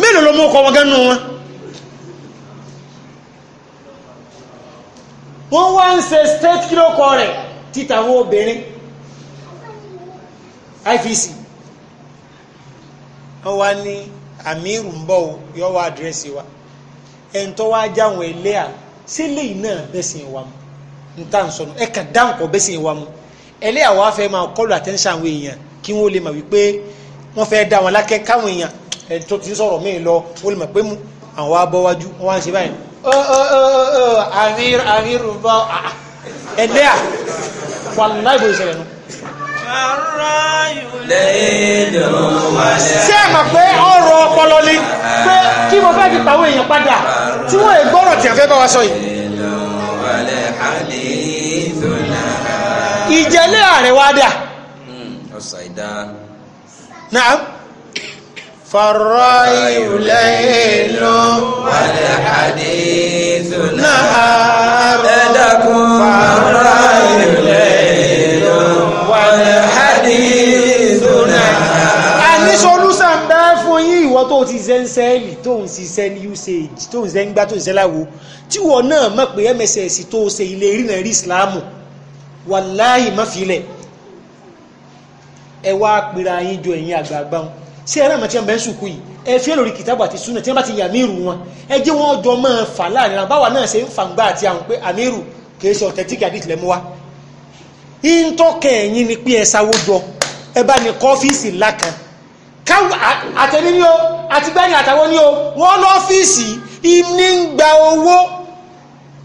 mélòó ló mú ọkọ̀ wọn gánú wọn. wọ́n wá ń ṣe state kílókọ rẹ̀ títà àwọn obìnrin IFC wọ́n wá ní àmírù ń bọ̀ o yọ wá àdírẹ́sì wa ẹ̀ ń tọ́ wá jáwọn ẹlẹ́à sílé yìí náà bẹ́sìn wa mu n ta n sọnù ẹ kà dáhùn kọ bẹ́sìn wa mu ẹlẹ́à wa fẹ́ máa kọlu àtẹ́ńṣán àwọn èèyàn kí wọ́n lè mọ̀ wípé wọ́n fẹ́ dá wọn lákẹ́ káwọn èèyàn ẹ̀ ti sọ̀rọ̀ mí lọ wọ́n lè mọ̀ pé mu àwọn abọ́wájú wọ́n wá ń ṣe báyìí àmírù àmírù bọ́ ẹlẹ́à wàlúùláì bó ṣẹlẹ̀ nù ṣé ẹ mọ̀ pé ọ̀rọ̀ ọpọlọ ni pé kí mo fẹ́ fi pàwọ́ èèyàn padà tí wọ́n lè gbọ́rọ̀ tí a fẹ́ bá wa sọ yìí. ìjẹ́lẹ̀ ààrẹ wa dà. naam. فالرأي ليل والحديث نهار فالرأي ìwọ tó ti ṣe ń sẹ́ẹ̀lì tó ń ṣiṣẹ́ ní usage tó ń ṣe ń gbá tó ń ṣe láwo tíwọ náà mọ̀ pé mss tó ṣe ilé ìrìnà rí ìsìláàmù wàláhì má filẹ̀ ẹ wá pera yín jọ ẹ̀yin àgbààgbà wọn ṣé ẹ ráàmù tí wọn bẹ ń sùkú yìí ẹ fi lórí kìtàbù àti súnà tí wọn bá ti yà mírù wọn ẹ jẹ́ wọn jọ máa fà láàrin àwọn báwa náà ṣe ń fà ń gbà àti àwọn pé àmírù kìí ṣe ọ̀tẹ́tíkì àdìtì lẹ́mú wa ìntọ́kẹ̀ ẹ̀yin ni pé ẹ sáwó jọ ẹ bá ní kọ́fíìsì ńlá kan káwọn àtẹ̀mí ni o àti gbẹ́ni àtàwọn ni o wọ́n lọ́fíìsì ní ń gba owó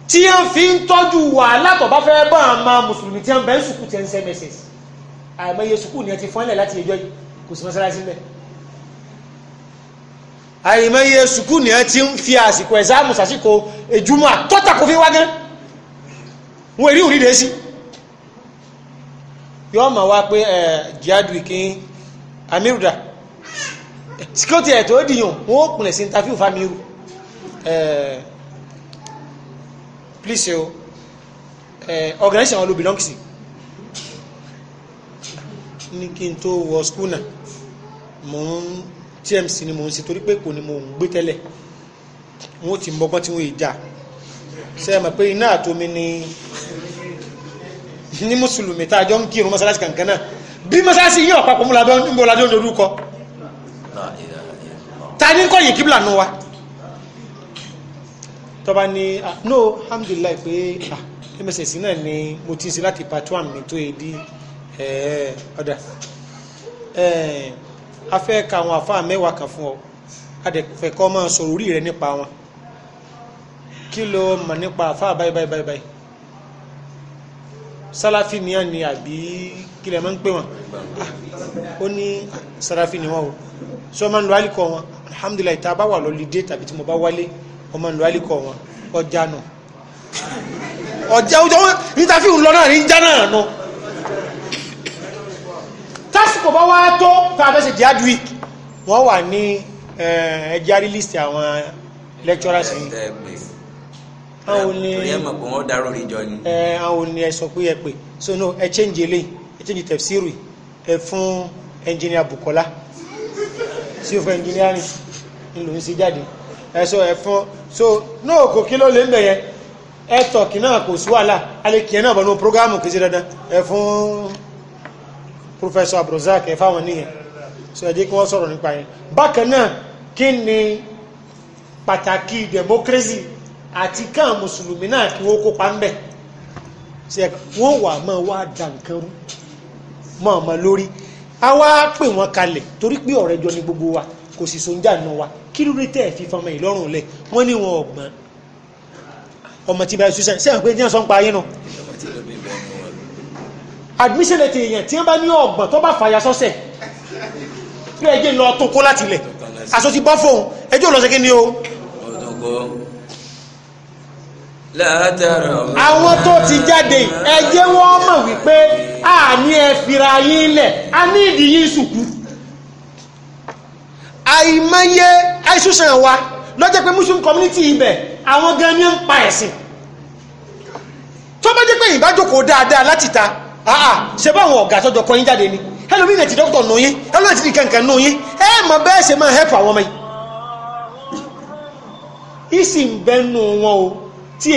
tí wọ́n fi ń tọ́jú wàhálà tó bá fẹ́ bá àmà mùsùlùmí tí wọ́n bẹ́ẹ̀ sùkú ti ń sẹ́mẹsẹ̀ àìmọye sùkú ni ẹ ti fọ́nlẹ̀ láti ẹjọ́ yìí kò sí mọ́sálásí mẹ́ àìmọye sùkú ni ẹ ti ń fi àsìkò ẹ̀sáàmù sàsìkò ìjùmọ̀ àtọ́ta kò fi wá gán wọn èrí òrí rẹ̀ sí yọ́ọ̀mà wá pé jihadu ìkín amírùdà security ẹ̀ tó dìyàn wọ́n ó pinlẹ̀ sí interview famiru eh, please o eh, organization wọn ló belong sí ní kí n tó wọ school náà mò ń tmc ni mò ń ṣe torí pé kò ní mò ń gbé tẹ́lẹ̀ wọn ó ti mọgbọ́n tí wọ́n yìí jà ṣe é mọ̀ pé iná àtomi ni ní mùsùlùmí tá a jọ ń kírun mọ́sálásí kankan náà bí mọ́sálásí yín ọ̀pápọ̀ múlá ń bọ̀ lájọ́ ń dorúkọ ta ní kọ́ yìí kíbla nu wa tọ́ba ni ah, no alhamdulillah pé ah, mss náà ni mo ti ṣe láti part one mi tó yẹ di eh, ọ̀dà eh, afẹ́ ka àwọn àfáà mẹ́wàá kan fún ọ adẹ̀fẹ́ kọ́ máa sọ̀rọ̀ orí rẹ nípa wọn kí ló mọ̀ afa àfáà báyìí báyìí báyìí sálàfì ni àní kí lè máa ń pè wọn ah, ó ní ah, sarafi ni wọn o sọ ma ń lo alikọ wọn alhamdulilayi tá a bá wà lọ lìdé tàbí tí mo bá wálé wọn ma ń lo alikọ wọn ọjà nù ọjà ọjà wọn níta fi ń lọ náà ní já nù tásìkò bá wá tó tá a fẹ́ ṣe jihad week wà ní eh, ẹjẹ́ àrí list àwọn lecturers yìí àwọn ni ẹ eh, àwọn ni ẹ sọ pé ẹ pè so no ẹ change eléyìí ìtẹ́jú tẹ̀fsíìrì ẹ fún ẹnjìnìà Bukola sí òfin ẹnjìnìàrìn ńlò ń sí jáde ẹ sọ ẹ fún so náà kò kí ló lè ń bẹ̀ yẹn ẹ tọ̀kì náà kò sí wàhálà alẹ́kìẹ́ náà bọ̀nú prógámù kìí sí dandan ẹ fún Professor Abdulrasaq ẹ fáwọn nìyẹn so ẹ jẹ́ kí wọ́n sọ̀rọ̀ nípa yẹn bákan náà kí ni pàtàkì democracy àti káà mùsùlùmí náà kí wọ́n kópa ń bẹ̀ wọ́n wà máa wá dà mọ̀ọ́mọ́ lórí a wá pè wọ́n kalẹ̀ torí pé ọ̀rẹ́ jọ ni gbogbo wa kò sì sóúnjà nù wa kí ló dé tẹ́ ẹ̀ fi fọmọ yìí lọ́rùn lẹ̀ wọ́n ní wọn ọ̀gbọ́n ọmọ tí báyìí ṣiṣẹ́ sẹ́yìn pé díẹ̀ sọ ń pa ayé nù. admission letter èèyàn tí wọ́n bá ní ọ̀gbọ́n tó bá fàyà sọ́sẹ̀ pé ẹjẹ́ lọ tó kó láti lẹ̀ àsọtí bọ́ fóun ẹjọ́ lọ sí ni o àwọn tó ti jáde ẹ jẹ́ wọ́n mọ̀ wípé a ní ẹ fira yín lẹ̀ a ní ìdíyí ìsùnkú àìmọye àìsùsàn wa lọ́jọ́ pé muslim community ibẹ̀ àwọn gan ni ń pa ẹ̀sìn tó bá jẹ́ pé ìbájókòó dáadáa láti ta ṣe bá àwọn ọ̀gá tọ́jọ́ kọyín jáde ni ẹlòmí rẹ̀ ti dókítà nù yín ẹlòmí rẹ̀ ti di kankan nù yín ẹ mọ bẹ́ẹ̀ ṣe máa hẹ́pù àwọn ọmọ yìí ìsìn bẹ́ẹ̀ nù wọn o tí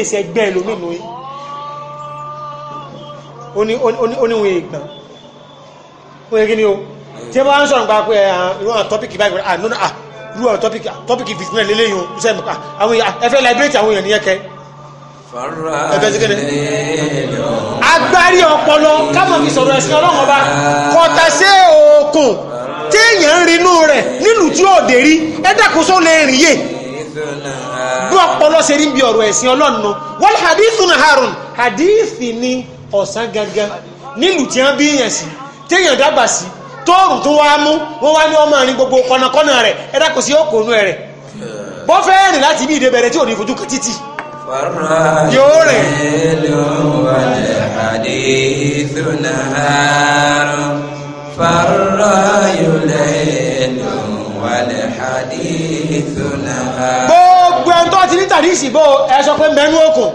èsè gbẹ́ ẹlòmínú yìí oníwọ̀n ègbọ̀n ó yẹ kí ni o tí wọ́n ń sọ̀rọ̀ nípa pé irú àwọn tọ́pìkì báyìí ah no no ah irú àwọn tọ́pìkì tọ́pìkì fìtínà lélẹ́yìn o ṣe mọ̀ àwọn èèyàn ẹ fẹ́ liberate àwọn èèyàn nìyẹn kẹ́ ẹ fẹ́ sí kí ni. agbárí ọpọlọ káwọn fi sọ̀rọ̀ ẹ̀sìn ọlọ́run ọba kọta sí òkun téèyàn ń rinú rẹ̀ nílùú tí ò dé rí ẹ dákun só lè rìn yé. bí ọpọlọ ṣe rí bí ẹ̀sìn Ọlọ́run nu wal hadithun harun hadithi ni ọ̀sán gangan nílùú tí wọ́n bí yẹn sí téèyàn dábàá sí tóòrùn tó wá mú wá ní ọmọ rìn gbogbo kọ̀nàkọ́nà rẹ ẹ dákò sí òkòónú rẹ̀ bọ́ fẹ́ rìn láti ibi ìdẹ́bẹ̀rẹ̀ tí ò ní fojú kan títì yóò gbogbo ẹni tó ti ní tàdísì bó ẹ sọ pé mẹ́nu òkun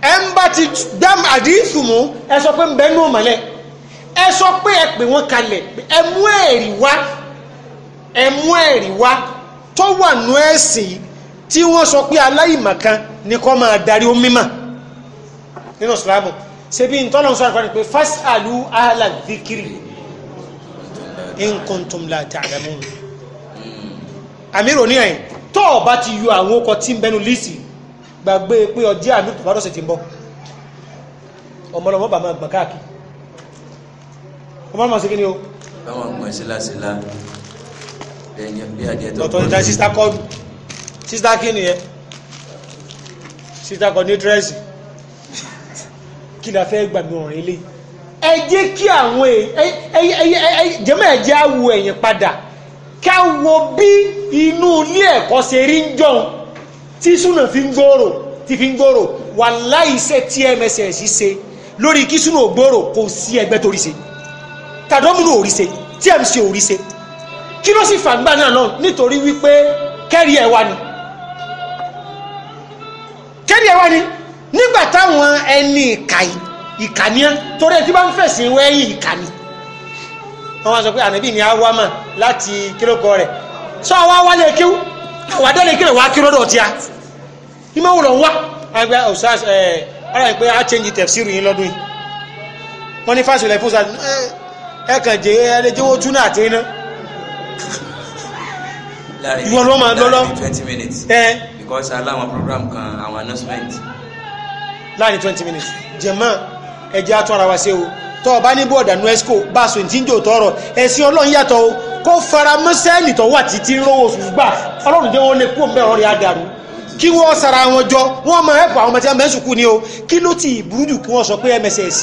ẹ ń bá ti dám àdísù mú ẹ sọ pé mẹ́nu òmọ̀lẹ́ ẹ sọ pé ẹ pè wọ́n kalẹ̀ ẹ mú ẹ̀rí wá ẹ mú ẹ̀rí wá tó wà nú ẹ̀sìn tí wọ́n sọ pé aláìmọ̀kan ni kọ́ máa darí omi mà nínú ìsìlámù ṣe bí ntọ́lọ́sọ àgbà ni pé fásitì àlù àhàlà dìkìrì in kuntum la ta'lamun àmírò ní ẹ̀yìn tó o bá ti yọ àwọn ọkọ̀ tí ń bẹnu líìsì gbàgbé pé ọjọ́ àmì tó bá dọ̀sẹ̀ ti ń bọ̀ ọmọlọmọ bàmá gbọ̀n káàkiri ọmọlọmọ sí kí ni o. báwọn gbọ̀n sílásílá lẹ́yìn bí adìẹ tó. lọ́tọ̀ níta sísá kọ́ọ̀dù sísá kí nìyẹn sísá kọ́ọ̀dù ní dírẹ́sì kí la fẹ́ gbàgbé ọ̀rìn eléyìí ẹ jẹ́ kí àwọn e, jẹ́mọ̀ ẹ jẹ́ awo ẹ̀yìn padà ká wo bí inú ilé ẹ̀kọ́ ṣe rí ń jọun tí súnà fi ń gbòòrò tí fi ń gbòòrò wà láìsẹ̀ tí mss ṣe lórí kí súnà ògbòòrò kò sí ẹgbẹ́ tó rí ṣe tàdọ́mùnú ò rí ṣe tmc ò rí ṣe kí ló sì fàgbà náà náà nítorí wípé kẹ́rì ẹ̀ wá ni kẹ́rì ẹ̀ wá ni nígbà táwọn ẹni ìkàyí ìkànnìyàn torí ẹ tí bá ń fẹ̀sìn wẹ́yìn ìkànnì wọn wá sọ pé ànábì ni àwa mà láti kílókọ rẹ sọ àwa wálé kíw àwàdá lè kílè wá kí lọ́dọ̀ tíá ìmọ̀ wò lọ wá àgbà ọ̀sán ẹ̀ ọ̀rọ̀ yìí pé a change tẹ̀síìrì yín lọ́dún yìí wọ́n ní fásitì lẹ́fún sa ẹ kàn jẹ ẹ lè jẹ́wọ́ tún náà àti iná ìwọ ló máa lọ́lọ́ ẹ. because aláwọn program kan àwọn announcement. láàrin twenty minutes jẹ̀mọ́ ẹjẹ́ atún ara wa ṣe o tọ́ ọba ní bọ́ọ̀dà nuesco bá a sọ ìtí ń jò tọrọ ẹ̀sìn ọlọ́run yàtọ̀ o kó fara mọ́sẹ́ẹ̀lì wà títí rówó oṣù gbà ọlọ́run wọn lè kó mẹ́rọ rẹ̀ adarú kí wọ́n sara wọn jọ wọ́n máa ẹ̀pọ̀ àwọn ọmọ tí wọ́n ni o kí ló ti burú jù kí wọ́n sọ pé mss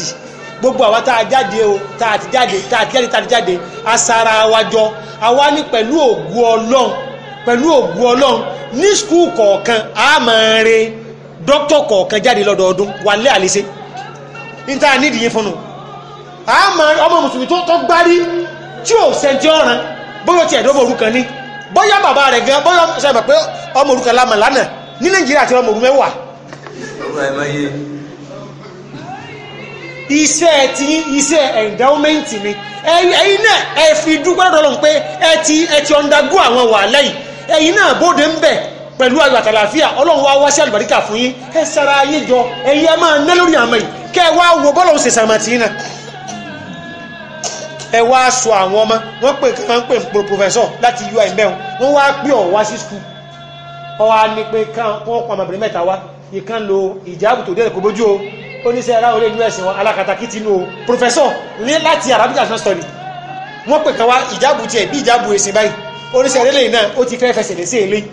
gbogbo àwa tá a jáde o tá a ti jáde tá a ti jáde tá a ti jáde a sara wa jọ àwa ní pẹ̀lú ògùn ọlọ́run pẹ̀lú ògùn ọlọ́run ní skul kọ̀ọ̀kan a máa re dókítà kọ̀ọ̀kan jáde lọ́dọọdún wàlẹ́ àlẹ́sẹ̀ níta nídìí yín fúnnu ma ọmọ musulmi tó tọ́ gbárí tí ò sẹ́ńtì ọ̀ràn bóyá tiẹ̀ dọ́bọ̀ orúkan ní bàbá rẹ̀ gan bóyá sẹ́bà pé ọmọ orúkan lámà lánàá ní nàìjíríà ti ọmọ orú mẹ́wàá. iṣẹ́ ti iṣẹ́ endowment ẹ̀yin náà ẹ fi dúpẹ́ pé ẹ ti ẹ ti àwọn wàhálà yìí ẹ̀yin náà bóde ń bẹ̀ pẹ̀lú ọlọ́run wá àlùbáríkà fún kẹ́ ẹ wá wo bọ́ọ̀lù ń sèṣà màtínà ẹ wá sọ àwọn ọmọ wọn pè kí wọn pè ń pòfẹsọ láti ui mẹ́wọ̀n wọn wá pé ọ̀ wá sí skul ọwọ́ á ní pé wọ́n pa ọmọbìnrin mẹ́ta wá ìkan lo ìjáàbù tó délẹ̀ kó bójú o oníṣẹ́ ara olè inú wọn alákatakí ti o professor ní láti arabic national study wọ́n pè kan wá ìjáàbù tiẹ̀ bí ìjáàbù èsìn báyìí oníṣẹ́ eré náà ó ti fẹ́ fẹsẹ̀ lẹ́sẹ̀ eléyìí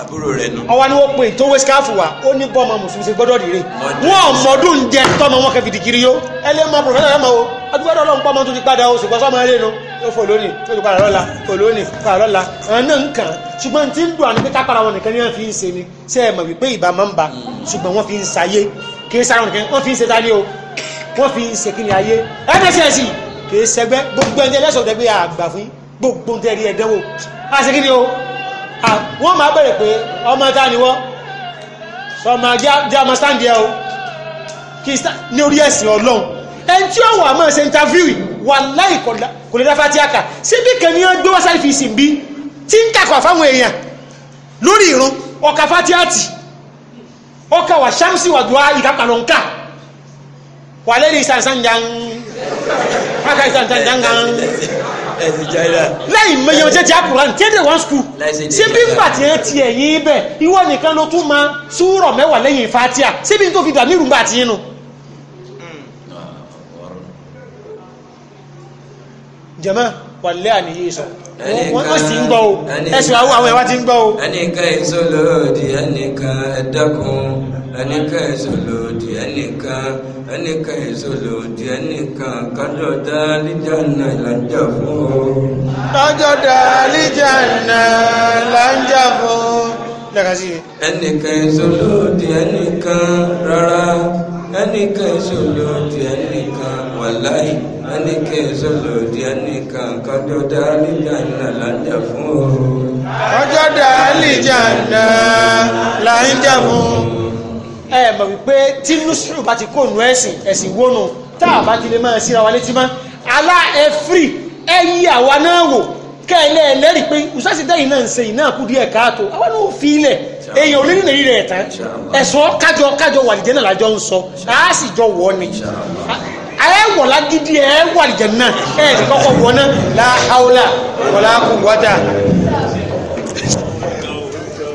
àbúrò rẹ nù. ọwọ́ ni wọ́n pè tó wé skáfù wa ó ní bọ́ọ̀mọ mùsùlùmí ṣe gbọ́dọ̀ rèé wọn ò mọ̀ọ́dún ń jẹ tọ́mọ wọn kẹfì dìkiri yó ẹ lè máa pòfẹ́sọ̀ yẹn mọ̀ o adúgbò dọ́lọ́ ń pọ́mọ tó ti padà o ṣùgbọ́n sọ́mọ eré nu ó fò lónìí ó ti padà lọ́la fò lónìí padà lọ́la àwọn náà ń kàn ṣùgbọ́n tí ń dùn àní pé kápára wọn nìkan ni wọ́n fi ń ṣe ni ṣé ẹ mọ̀ wípé ìbá máa ń ba ṣùgbọ́n wọ́n fi ń ṣayé kì í sára wọn nìkan wọ́n fi ń ṣe tálé o wọ́n fi ń ṣe kí ni ayé nss kì í ṣẹgbẹ́ gbogbo ẹni ẹlẹ́sọ̀ọ́dẹ́gbẹ́ àgbà fún Ah, wọ́n máa bẹ̀rẹ̀ pé ọmọ ta ni wọ́n sọmọ jẹ́ ọmọ sáǹdì ẹ o kì í ní orí ẹ̀sìn ọlọ́run ẹni tí ó wà máa ṣe interview wà láì kò lè dáfà tí a kà síbí kan ní ọgbẹ́ wá sáré fi sìn bí tí ń kàkọ́ fáwọn èèyàn lórí ìrun ọkà fatiati ọkà wà ṣámsì wà dùá ìkápàlọ́ nǹkan wà lẹ́rìí sàǹsàǹjà ń lẹ́yìn mẹ́yẹ ọjọ́ jẹ́ àkùrán tí èdè wọn skul sí bí ń gbàtí ẹ ti ẹ̀yìn ibẹ̀ ìwọ nìkan ló tún máa súrọ̀ mẹ́wàá lẹ́yìn fatia síbi tó fi dàmírù ń gbàtí inú. Hmm. jẹ́mọ́ wà lẹ́ àníyé sọ wọ́n sì ń gbọ́ o ẹ̀sùn àwọn àwọn ẹ̀wá ti ń gbọ́ o. ẹnìkan èso lòdì ẹnìkan ẹ̀dẹ́kun ẹnìkan èso lòdì ẹnìkan ẹnìkan èso lòdì ẹnìkan kájọ dá líjànà ìlànjà fún o. kájọ dá líjànà ìlànjà fún o. ẹnìkan èso lòdì ẹnìkan rárá ẹnìkan èso lòdì ẹnìkan wàláì ẹnìkẹ́ sọ̀lọ̀ di ẹnìkan kọjọ́ dá àlìjáná láńjà fún ooru. kọjọ́ dá àlìjáná láńjà fún. ẹ mọ̀ wípé tí nusru bá ti kó nu ẹ̀sìn ẹ̀sìn wónú tá a bá ti lè máa síra wa létí mọ́ alá ẹ firi ẹ yí àwa náà wò kẹ́lẹ́ ẹlẹ́rìí pé ìṣàṣì dẹ́yìn náà ń ṣe iná kú díẹ̀ káàtó àwọn ò fi ilẹ̀ èèyàn olórí nìyí rẹ̀ tán ẹ̀sọ́ kájọ kájọ wàlìjẹ́ náà lájọ ń sọ àá sì jọ wọ́ ni ẹ wọ ládídí ẹ wọ àlìjẹ náà ẹ ti kọ́kọ́ wọ náà láhàólà wọlá kò wájà